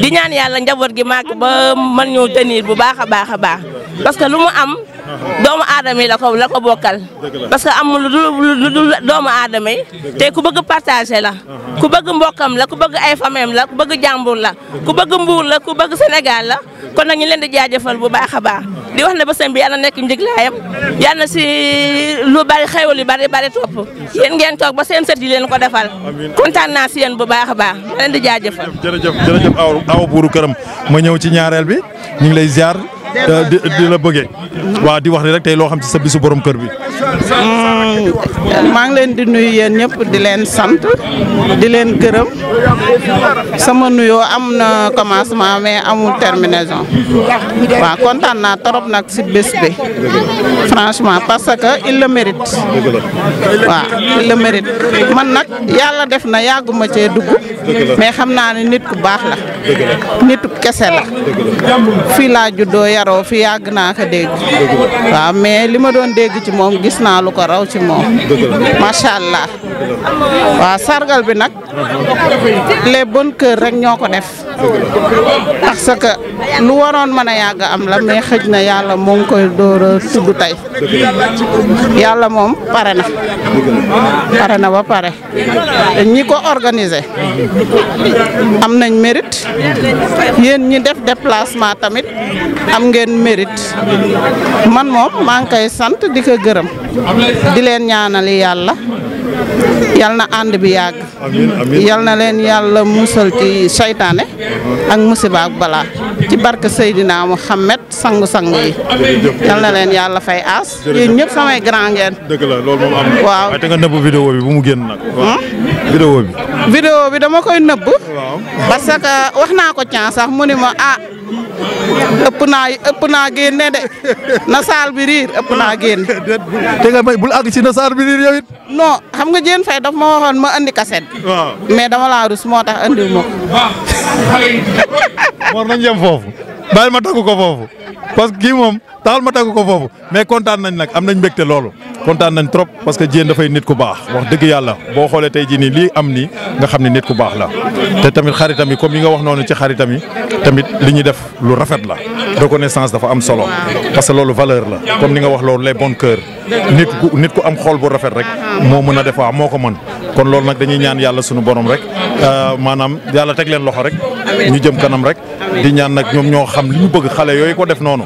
di ñaan yàlla njaboot gi màgg ba man ñu tenir bu baax a baax a baax lu mu am. doomu aadama yi la ko la ko bokkal parce que amul lu dul doomu aadama yi te ku bëgg partagé la uh-huh. ku bëgg mbokkam la ku bëgg ay famem la ku bëgg jàmbur la ku bëgg mbuur la ku bëgg Sénégal la kon nag ñi leen di jaajëfal bu baax a baax di wax ne basam bi yàlla nekk njiglaayam yàlla na si lu bari xewal yu bari bari topp yéen ngeen toog ba seen sët yi leen ko defal kontaan naa si yen bu baax a baax ma leen di jaajëfal jërëjëf jërëjëf aw buuru këram ma ñëw ci ñaareel bi ñu lay ziar di la bëggee di wax ni rek tey loo xam ci sa bisu borom kër bi mm. ngi leen di nuyu yéen ñëpp di leen sant di leen gërëm sama nuyoo am na commencement mais amul terminaison waaw kontaan naa si bés bi franchement parce que il le mérite waaw il le mérite man def na dugg mais xam naa ne nit ku baax la. nit kese la. fii laa juddoo yaroo fi yàgg naa ko dégg. waaw mais li ma doon dégg ci moom gis naa lu ko raw ci moom. macha allah. waaw sargal bi nag. Uh-huh. les bonnes cœurs rek ñoo ko def. parce que lu waroon mën a yàgg am la mais xëj na yàlla moo koy doo a tudd tey. yàlla moom pare na. pare na ba pare. ñi ko organise uh-huh. am nañ mérite yéen ñi def déplacement tamit am ngeen mérite man moom maa ngi koy sant di ko gërëm di leen ñaanali yàlla yal na ànd bi yàgg yal na leen yàlla musal ci seytaane ak musiba balaa ci barke Seydina Mouhamed sangu-sang yi. yal na leen yàlla fay aas. yéen ñëpp samay grand ngeen. dëgg la loolu moom am waaw waaye te nëbb vidéo bi bu mu génn nag. Hmm? vidéo bi. vidéo bi dama koy nëbb. parce que wax naa ko caa sax mu ni ma ah. ëpp naa ëpp naa génne de na saal bi ëpp naa génne. te nga may bul àgg ci na saal bi riir yow it. xam nga Diène Faye daf ma waxoon ma andi kaset. waaw dama la rus moo tax andiwuma ko. war nañ jëm foofu bàyyi ma tagg ko foofu. parce que kii moom taxal ma tegu ko foofu mais kontaan nañ nag am nañ mbégte loolu kontaan nañ trop parce que Diène dafay nit ku baax wax dëgg yàlla boo xoolee tey jii nii lii am nii nga xam ne nit ku baax la. te tamit xaritam yi comme yi nga wax noonu ci xaritam yi tamit li ñuy def lu rafet la reconnaissance dafa am solo parce que loolu valeur la comme ni nga wax loolu les bons cœurs nit ku nit ku am xol bu rafet rek moo mën a def waaw moo ko mën kon loolu nag dañuy ñaan yàlla sunu borom rek euh, maanaam yàlla teg leen loxo rek ñu jëm kanam rek di ñaan nag ñoom ñoo xam li ñu bëgg xale yooyu ko def noonu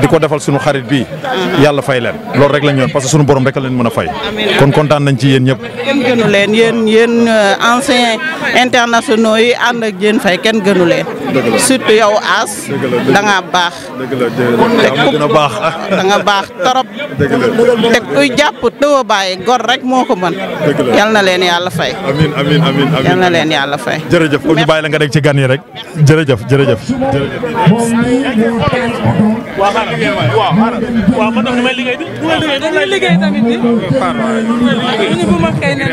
diko defal suñu xarit bi yalla fay len loolu rek lañ ñoon parce que suñu borom rek lañ mëna fay kon contane nañ ci yeen ñep kenn gënu len yeen yeen euh, anciens internationaux yi and ak yéen fay kenn gënu len surtout yow as da nga baax dëgg bax da nga bax torop te kuy japp tëwa bàyyi gor rek moko man yalla na len yalla fay amin amin amin amin yalla na len yalla fay jërëjëf ko ñu bàyyi la nga dégg ci gan yi rek jërëjëf jërëjëf jërëjëf waaw waaw man nag nu may liggéey di. bu may liggéey dañuy liggéey tamit di. bu ma kay ne.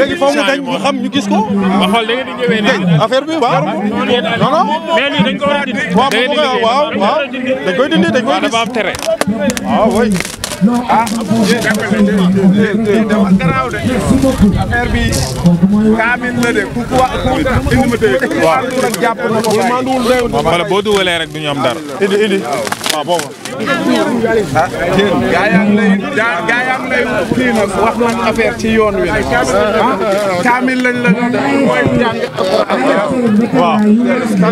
léegi foo mu dañ ñu xam ñu gis ko. waaw xool da ngeen di ñëwee ne. affaire bi waaw. non non mais lii dañ ko war a dindi. waaw waaw waaw dañ koy dindi dañ koy dindi. waaw dafa am tere. waaw waay. ah dafa garaaw de affaire bi kaamin la de ku ko wax indi ma tëye waaw rek jàpp na ko wala boo dugalee rek du ñu am dara indi indi waaw boobu ah gaa yaa ngi lay gaa yaa ngi lay kii nag wax nañ affaire ci yoon wi nag kaamil lañ la doon def mooy jàng waaw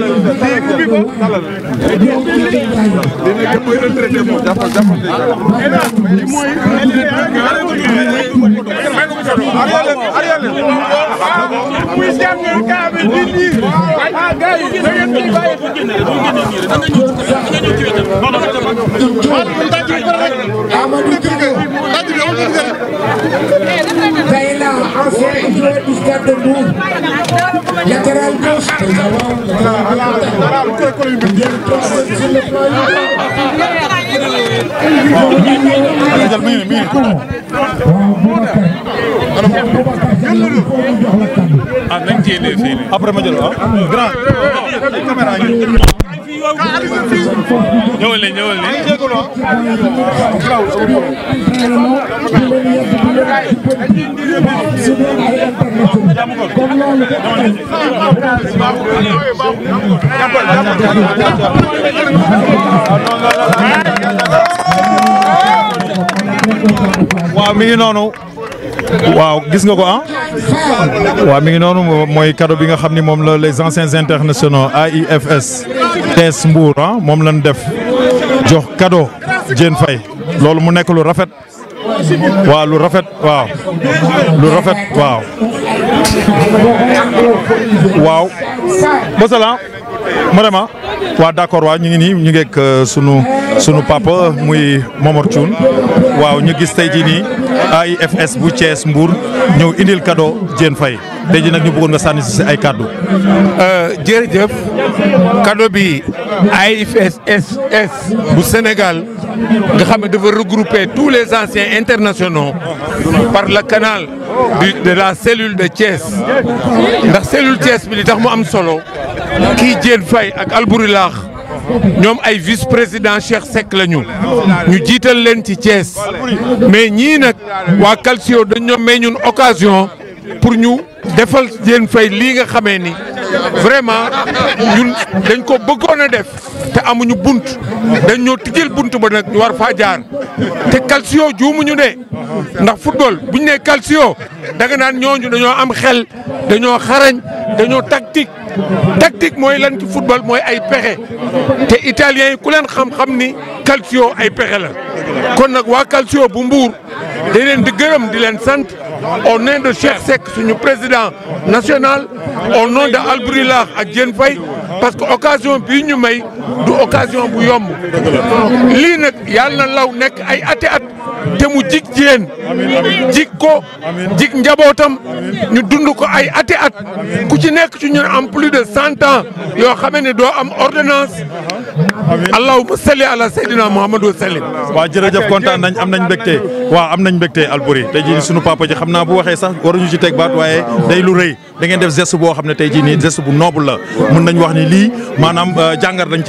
lii ku bi ko dalal dina koy retraité moom jàppal jàppal Latéral gauche. après ma jël ah grand caméra ñëwal ne ñëwal ne. jàppal jàppal waaw mi ngi noonu. waaw gis nga ko ah. waaw mi ngi noonu mooy cadeau bi nga xam ni moom la les anciens internationaux AIFS TES Mbour ah, moom lañ def jox cadeau Diène Faye loolu mu nekk lu rafet. waaw lu rafet waaw lu rafet waaw waaw. vraiment waa d'accord waa ñu ngi nii ñu ngekk ak euh, sunu sunu papa muy Momar Thioune waaw ñu gis tey jii nii ay fs bu Thiès Mbour ñëw indil cadeau Diène Faye tey nak ñu bëggoon nga sanni ci ay euh jërëjëf cadeau bi AFSS bu Sénégal nga xamé devoir regrouper tous les anciens internationaux par le canal du de la cellule de Thiès ndax cellule Thiès bi li tax mu am solo ki Diène fay ak Alburilakh ñom ay vice président Cheikh sek lañu ñu jiital leen ci Thiès mais ñi nak wa Calcio dañ ñun occasion. pour ñu defal Diène fay lii nga xamee ni vraiment ñun dañ ko bëggoon a def te amuñu bunt dañ ñoo tijjel bunt ba nag ñu war faa jaar te Calcio juumuñu de ndax football bu ñu ne Calcio da nga naan ñooñu dañoo am xel dañoo xarañ dañoo tactique. tactique mooy lan ci football moy ay pexé té italiens yi ku leen xam-xam ni calcio ay pexé la kon nak wa calcio bu mbour dañ leen di gërëm di len sant au nom de Cheikh Sek suñu président national au nom de Albrilah ak Diène Faye parce que occasion bi ñu may du occasion bu yomb lii nag yàlla na law nekk ay ati at te mu jig jéen jig ko jig njabootam ñu dund ko ay ati at ku ci nekk ci ñun am plus de cent ans yoo xamee ne doo am ordonnance allahuma salli ala sayyidina muhammadu sallim waa jërëjëf kontaan nañ am nañ mbégte waa am nañ mbégte Alboury tey jii sunu papa ji xam naa bu waxee sax ñu ci teg baat waaye day lu rëy da ngeen def geste boo xam ne tey jii nii geste bu noble la mën nañ wax ni lii maanaam euh,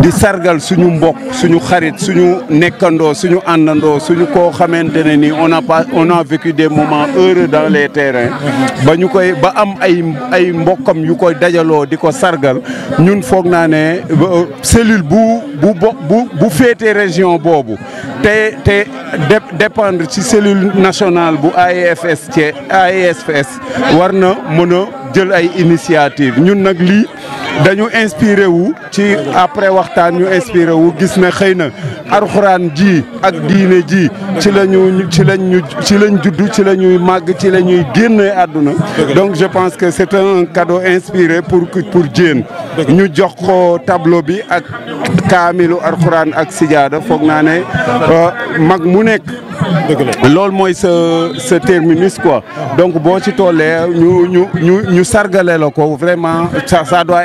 di sargal suñu mbokk suñu xarit suñu nekkandoo suñu àndandoo suñu koo xamante ne ni on a pas on a vécu des moments heureux dans les terrain ba ñu koy ba am ay ay mbokkam yu koy dajaloo di ko sargal ñun foog naa ne cellule bu bu bu bu féete région boobu te te dépendre ci cellule nationale bu AEFS ci AEFS war na mën a jël ay initiative ñun nag lii. dañu inspiré wu ci après waxtaan ñu inspiré wu gis na xeyna na ji ak diine ji ci lañu ci lañu ci lañ judd ci la mag ci la génné aduna donc je pense que c'est un cadeau inspiré pour pour Diène ñu jox ko tableau bi ak kamilu arxuraan ak sijaada foog naa ne euh, mag mu nek lool moy ce ce terminus quoi donc boo ci tolé ñu ñu ñu sargalé lako vraiment ça doit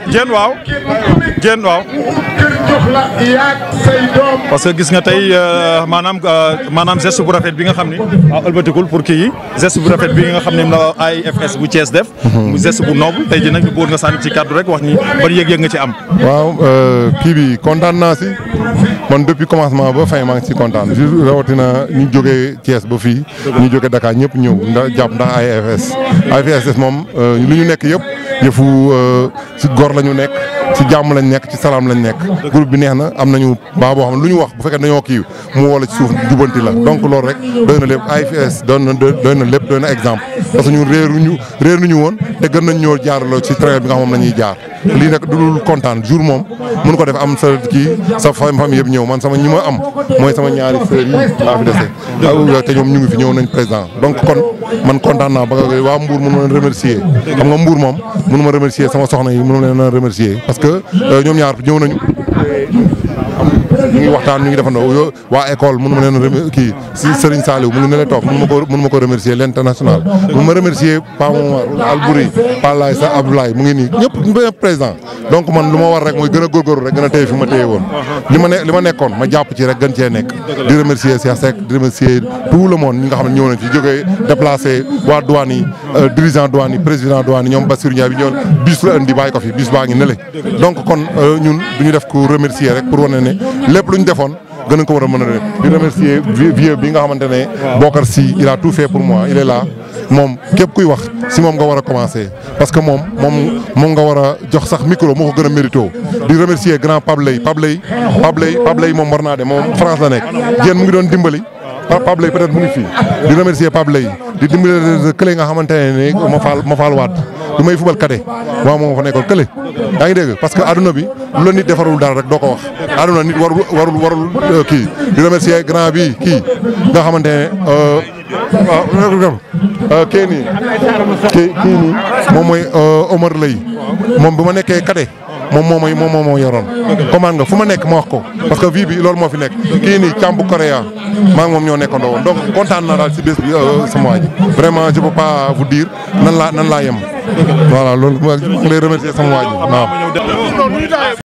jën waaw jën waaw parce que gis nga tey euh, maanaam euh, maanaam geste bu rafet bi nga xam ni waaw ah, pour kii yi bu rafet bi nga xam ni ne la AIFS bu Thiès def mu geste bu noob tey ji nag ñu bëggoon nga sànni ci kàddu rek wax ni ban yëg-yëg nga ci am waaw euh, kii bi kontaan naa si man depuis commencement ba fin maa ngi si kontaan juste rawatina ñu jógee Thiès ba fii ñu jógee Dakar ñëpp ñëw ndax jàpp ndax AIFS moom lu ñu nekk yëpp yëfu si euh, góor la ñu nekk si jàmm lañ nekk ci salaam lañ nekk. groupe bi neex na am nañu baa boo xam ne lu ñu wax bu fekkee dañoo kii mu woo la ci suuf jubanti la donc loolu rek doy na lépp AFS doy na doy na lépp doy na exemple. parce que ñun réeruñu réeruñu woon te gën nañ ñoo jaaraloo ci train bi nga xam moom la ñuy jaar. lii nag du dul kontaan jour moom mun ko def am sa ci sa famille yëpp ñëw man sama ñi ma am mooy sama ñaari sœurs yi laa fi dese. te ñoom ñu ngi fi ñëw nañ présent donc kon. man kontaan naa ba waa mbuur mënu ma leen remercier xam nga mbuur moom mënu ma remercier sama soxna yi mënu ma leen remercier parce que euh, ñoom ñaar ñëw nañu ñu ngi waxtaan ñu ngi defandoo waa école mënu ma leen kii si Serigne mu ngi ne la toog mënu ma ko mënu ma ko remercier l'international mënu ma remercier Pa Momar Albouri Pa Laay sa Abdoulaye mu ngi nii ñëpp ñëpp présent donc man lu ma war rek mooy gën a góorgóorlu rek gën a téye fi ma téye woon li ma nekkoon ma jàpp ci rek gën cee nekk di remercier Cheikh Seck di remercier tout le monde ñi nga xam ne ñëw nañ euh, bi ñoon bis la indi fi bis baa ngi nele donc kon euh, ñun lépp lu ñu defoon gën ko war a mën a def di remercier vieux bi nga xamante ne Bokar Sy il a tout fait pour moi il est là moom képp kuy wax si moom nga war a commencer parce que moom moom moom nga war a jox sax micro moo ko gën a mérito di remercier grand Pablay Pablay Pablay Pablay moom war naa de moom France la nekk jéen mu ngi doon dimbali Pape Lay peut être mu ngi fii di remercier Pape Lay di dimbali kële nga xamante ne ma faal ma faal waat du may fubal kate waaw moom fa nekkoon kële yaa ngi dégg parce que aduna bi lu la nit defarul daal rek doo ko wax aduna nit warul warul warul euh, kii di remercier grand bi kii nga xamante ne euh, kii nii kii moom mooy euh, Omar Lay moom bu ma nekkee kate moom moo may moom moo yoroon. commande nga fu ma nekk ma wax ko. parce que vie bi loolu moo fi nekk. kii nii càmbu Korea maa ngi moom ñoo nekkandoo woon donc kontaan na daal si bés bi euh, sama waa vraiment je peux pas vous nan laa nan laa yem. voilà loolu maa ngi lay remercier sama waa waaw.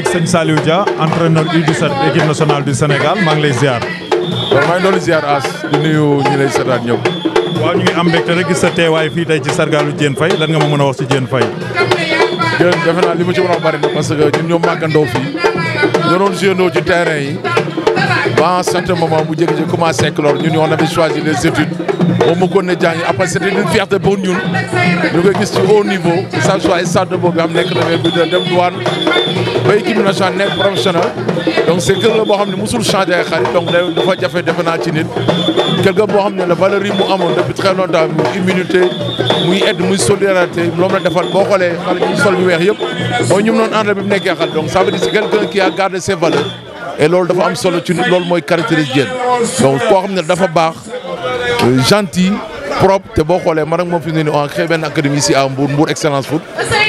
léegi sëñ Saliou Dia entraîneur U17 équipe nationale du Sénégal maa ngi lay ziar. waaw maa ngi doon ziar As di nuyu ñi lay seetaan ñëpp. waaw ñu ngi am mbégte rek sa teewaay nga ma mën a wax ci Diène Faye. Diène defe naa li ci mën a wax bari na parce que ñun ñoo màggandoo fii ñoo doon génnoo ci terrain yi ba un certain moment mu jékki-jékki commencé éclore ñun on avait choisi les études. boo ma ko ne après c' une fierté pour nous nous koy gis ci haut niveau que ça soit stade boobu am nek na bi de dem douane ba équipe nationale nekk professionnel donc c'est que le bo xam musul changer changé ay xarit donc dafa jafe defe naa ci nit quelque boo xam ne la valeur yi mu amoon depuis très longtemps muy immunité muy aide muy solidarité loom la defal bo xolé xal ci sol bi weex yëpp mooy ñu noonu àndal bi mu nekkee xale donc ça veut dire c'est quelqu'un qui a gardé ses valeurs et loolu dafa am solo ci nit loolu moy caractéristique donc ko xam dafa baax Euh, gentil propre te boo xoolee man ak fi mu on a créé académie ici à Mbour Mbour excellence foot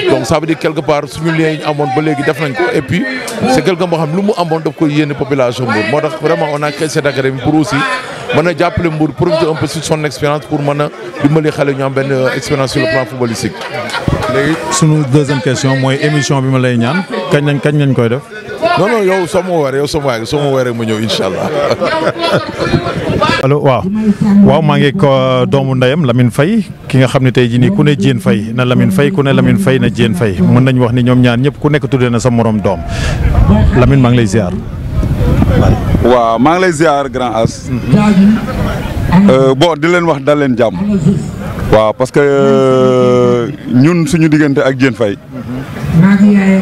donc ça veut dire quelque part suñu ñu amoon ba léegi def nañ ko et puis c' est xam lu mu amoon daf koy yéene population Mbour moo tax vraiment on a créé cette académie pour aussi mën a jàppale Mbour profiter un peu son expérience pour mën a dimbali xale ñu am benn euh, expérience sur le plan footballistique. léegi bi lay ñaan kañ lañ kañ non non yo soo ma yo yow soo ma wooree soo ma wooree ma allah. allo wa, waaw maa ngi ko euh, doomu ndeyam Lamine Faye ki nga xam ne tey jii nii ku fai, Diène Faye na Lamine Faye ku ne Lamine Faye na Diène Faye mën nañu wax ni ñoom ñaar ñëpp kune nekk tuddee na sa morom doom Lamine maa ngi ziar. ziar grand as. Euh, bon dilen wah dalen jam. wa, paske nyun parce que euh, ñun suñu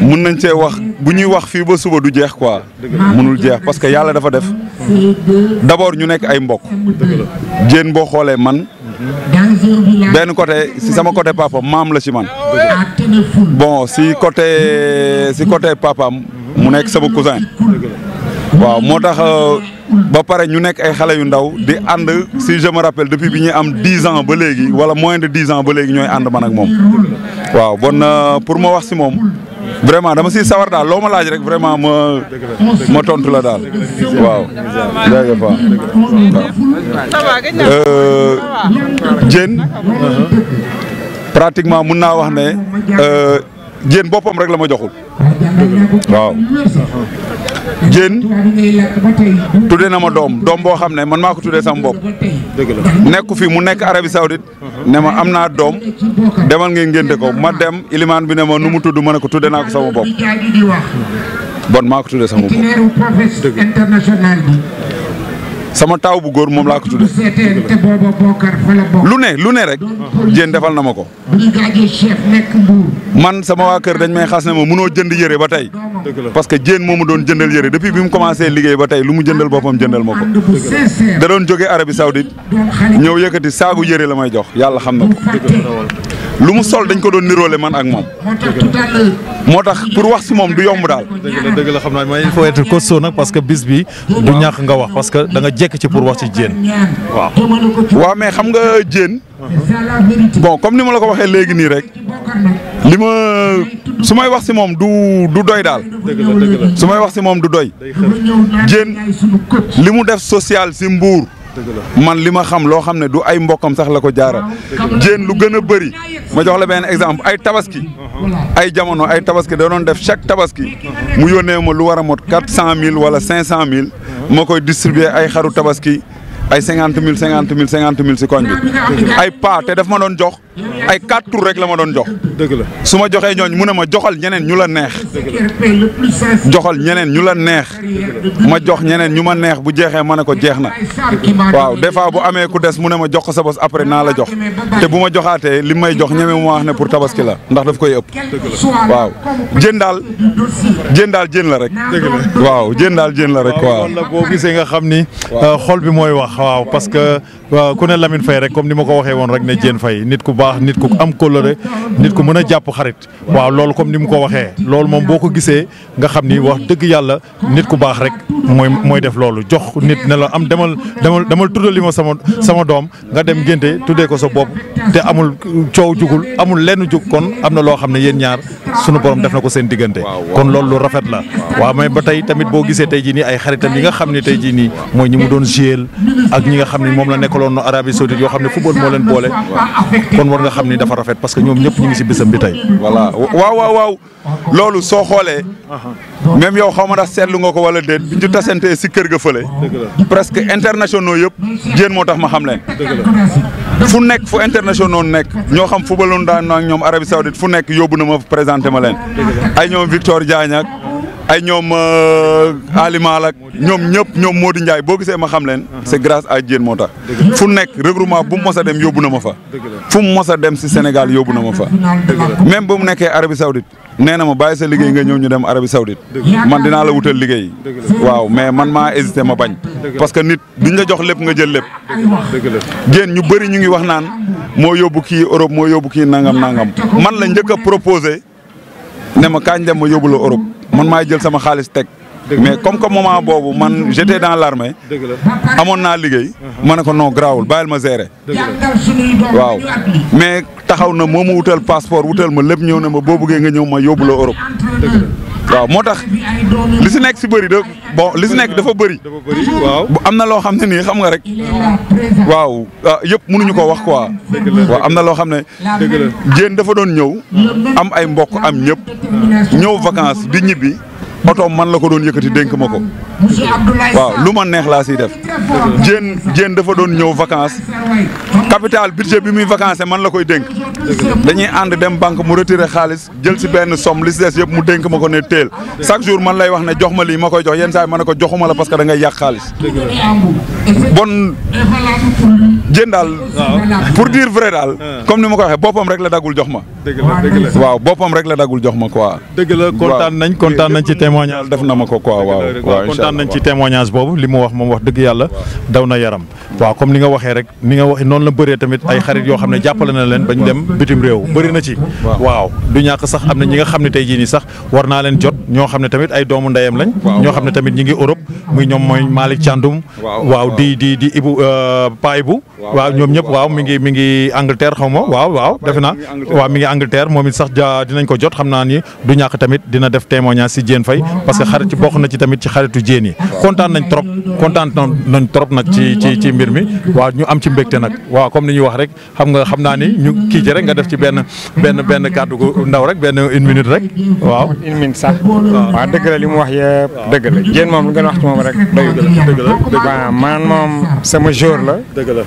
mun nañ cee wax bu ñuy wax fii ba suba du jeex quoi mënul jeex parce que yàlla dafa def d'abord ñu nekk ay mbokk jéen boo xoolee man benn côté si sama côté papa maam la ci man bon si côté si côté papaam mu nekk sama cousin waaw moo tax euh, ba pare ñu nekk ay xale yu ndaw di ànd si je me rappelle depuis bi ñuy am dix ans ba léegi wala moins de dix ans ba léegi ñooy ànd man moom. waaw bon euh, pour ma wax si moom vraiment dama si sawar daal loo ma laaj rek vraiment ma ma tontu la daal waaw. jaajëf waaw euh, Diène pratiquement mun naa wax ne Diène boppam rek la ma joxul waaw. Diène tudde na ma doom doom boo xam ne man maa ko tuddee sama bopp. dëgg la nekku fi mu nekk Arabie Saoudite. ne ma am naa doom demal ngeen ngénte ko ma dem ilimaan bi ne ma nu mu tudd ma ne ko tudde naa ko sama bopp bon maa ko sama bopp sama taaw bu góor moom laa ko tudde lu ne lu ne rek jéen defal na ma ko man sama waa kër dañ may xas ne ma mënoo jënd yëre ba tey parce que jéen moomu doon jëndal yëre depuis bi mu commencé liggéey ba tey lu mu jëndal boppam jëndal ma ko da doon jógee Arabie Saoudite ñëw yëkkati saagu yëre la may jox yàlla xam na ko lu mu sol dañ ko doon niroole man ak moom. moo tax pour wax si moom du yomb daal. dëgg la xam naa mais il faut être costaud nag que bis bi. du ñàkk nga wax parce que danga jekk ci pour wax ci Diène. waaw waaw mais xam nga Diène. bo comme ni ma la ko waxee léegi nii rek. li ma su may wax si moom du du doy daal. dëgg su may wax si moom du doy. Diène li mu def social si mbuur man li ma xam loo xam ne du ay mbokkam sax la ko jaaral jéen lu gën a bëri ma jox la benn exemple ay tabaski ay jamono ay tabaski da doon def chaque tabaski mu yónnee ma lu war a mot quatre cent mille wala cinq cent mille ma koy distribuer ay xaru tabaski ay cinquante mille cinquante mille cinquante mille si koñ bi ay pa te daf ma doon jox ay quatre tours rek la ma doon jox. deug la suma ma ñooñ mu ne ma joxal ñeneen ñu la neex. joxal ñeneen ñu la neex. ma jox ñeneen ñuma neex bu jexé ma ko jehna? na. waaw des bu amé ku des mu ne ma jox ko sa boss après na la jox te bu ma joxaatee may jox ñeme mu wax ne pour tabaski la ndax daf koy ëpp. waaw jëndal jëndal jën la rek. waaw jëndal jën la rek. waaw wala bo gisé nga xamni xol bi moy wax waaw parce que euh, ku ne Lamine Faye rek comme ni ko waxé won rek né jën Faye nit ku baax nit ku am kóllëre nit ku mën a jàpp xarit waaw loolu comme ni mu ko waxee loolu moom boo ko gisee nga xam ni wax dëgg yàlla nit ku baax rek mooy mooy def loolu jox nit ne la am demal demal demal tuddali ma sama sama doom nga dem ngénte tuddee ko sa bopp te amul coow jugul amul lenn jug kon am na loo xam ne yéen ñaar sunu borom def na ko seen diggante kon loolu lu rafet la waaw mais ba tey tamit boo gisee tey jii nii ay xaritam yi nga xam ne tey jii nii mooy ñi mu doon géel ak ñi nga xam ne moom la nekkaloon no Arabie Saoudite yoo xam ne football moo leen boole kon war nga xam ni dafa rafet parce que ñoom ñëpp ñu ngi si bésam bi tey voilà waaw waaw waaw loolu soo xoolee même yow xaw ma ndax seetlu ko wala déet bi ñu si kër ga fële presque internationaux yëpp jéen moo tax ma xam leen fu nekk fu internationaux nekk ñoo xam fu baloon daan ñoom Arabie Saoudite fu nekk yóbbu na ma présenté ma leen ay ñoom Victor Diagne ay ñoom euh, Alima ak ñoom ñëpp ñoom Modou Ndiaye boo gisee ma xam leen. c' est grâce à moo tax. fu nekk regroupement bu mu mos a dem yóbbu na ma fa. fu mu mos a dem si Sénégal yóbbu na ma fa. même ba mu nekkee Arabie Saoudite nee na ma bàyyi sa liggéey nga ñëw ñu dem Arabie Saoudite. man dinaa la wutal liggéey. waaw mais man maa hésité ma bañ. parce que nit duñ la jox lépp nga jël lépp. Diène ñu bëri ñu ngi wax naan moo yóbbu kii Europe moo yóbbu kii nangam nangam man la njëkk a ne ma kaañ dem ma yóbbu la Europe man maay jël sama xaalis teg. mais comme que moment boobu man j'étais dans l'armée. dëgg la amoon naa liggéey. Uh-huh. ma ne ko non garaawul bàyyil ma gérer. waaw mais taxaw na moo ma wutal passeport wutal ma lépp ñëw ne ma boo bëggee nga ñëw ma yóbbu la Europe. waaw moo tax li si nekk si bëri bon li si nekk dafa bëri. dafa bu am na loo xam ne nii xam nga rek. waaw ah, yëpp mënuñu ko wax quoi. waaw am na loo xam ne. dëgg jéen dafa doon ñëw. am ay mbokk am ñëpp. ñëw vacances di ñibbi. auto man la ko doon yëkëti denk mako ko waaw lu ma neex la ci def jeen jeen dafa doon ñëw vacances capital budget bi muy vacances man la koy denk dañuy and dem banque mu retirer xaaliss jël ci benn somme li si yëpp mu denk mako ko ne teel chaque jour man lay wax ne jox ma li ma jox yeen saa man ne ko joxuma la parce que da ngay yàq xaaliss bon jeen dal pour dire vrai dal ah. comme ni ko waxee rek la dagul jox ma waaw bopam rek la dagul jox ma quoi deug la contane nañ contane nañ ci témoignage def na ma ko quoi waaw waaw kontaan nañ ci témoignage boobu li mu wax moom wax dëgg yàlla daw na yaram waaw comme ni nga waxee rek noonu la bëree tamit ay xarit yoo xam ne jàppale na leen bañ dem bitim réew bëri na ci waaw du ñàkk sax am na ñi nga xam ne tey jii nii sax war naa leen jot ñoo xam ne tamit ay doomu ndeyam lañ ñoo xam ne tamit ñi ngi Europe muy ñoom mooy Malick Thiandoum waaw di di di Ibu euh, Pa Ibu waaw ñoom ñëpp waaw mi ngi mi ngi Angleterre xaw ma waaw waaw defe naa waaw mi ngi Angleterre moom it sax dinañ ko jot xam naa ni du ñàkk tamit dina def témoignage si Diène parce que xarit ci bokk na ci tamit ci xaritu jéen yi kontaan nañ trop kontaan nañ trop nak ci ci ci mbir mi wa ñu am ci mbekté nak wa comme ni ñu wax rek xam nga xam ni ñu ki ci rek nga def ci ben ben ben kàddu gu ndaw rek ben une minute rek wa une minute sax wa deug la limu wax yëpp deug la jeen mom lu gën wax ci mom rek doyul deug la man mom sama jour la deug la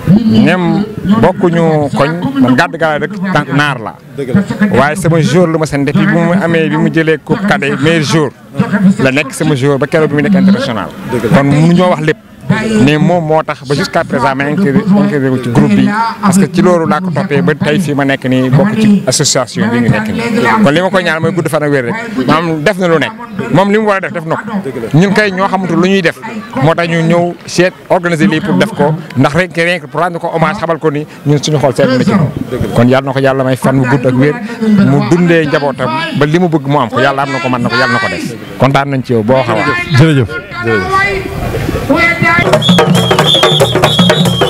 bokku ñu koñ man gàdd gaa dëkk nar la waaye sama jour lu ma seen depuis bi mu amee bi mu jëlee coupe cadet meilleur jour la nekk sama jour ba keroog bi mu nekk international kon mënuñoo wax lépp mais moom moo tax ba jusqu'à présent ma inclure wu groupe bi parce que ci loolu laa ko toppee ba tey fii ma nekk nii bokk ci association bi ñu nekk nii kon li ma koy ñaan mooy gudd fan ak wér rek maanaam def na lu nekk moom li mu war a def na ko ñun ñoo xamatul lu ñuy def moo tax ñu ñëw seet organiser lii pour def ko ndax rek rien que pour rendre ko hommage xabal ko ni ñun suñu xool seet na ci kon yàlla na ko yàlla may fan mu gudd ak wér mu dundee njabootam ba li mu bëgg mu am ko yàlla am na ko man na ko yàlla na ko def kontaan nañ ci ¡Gracias!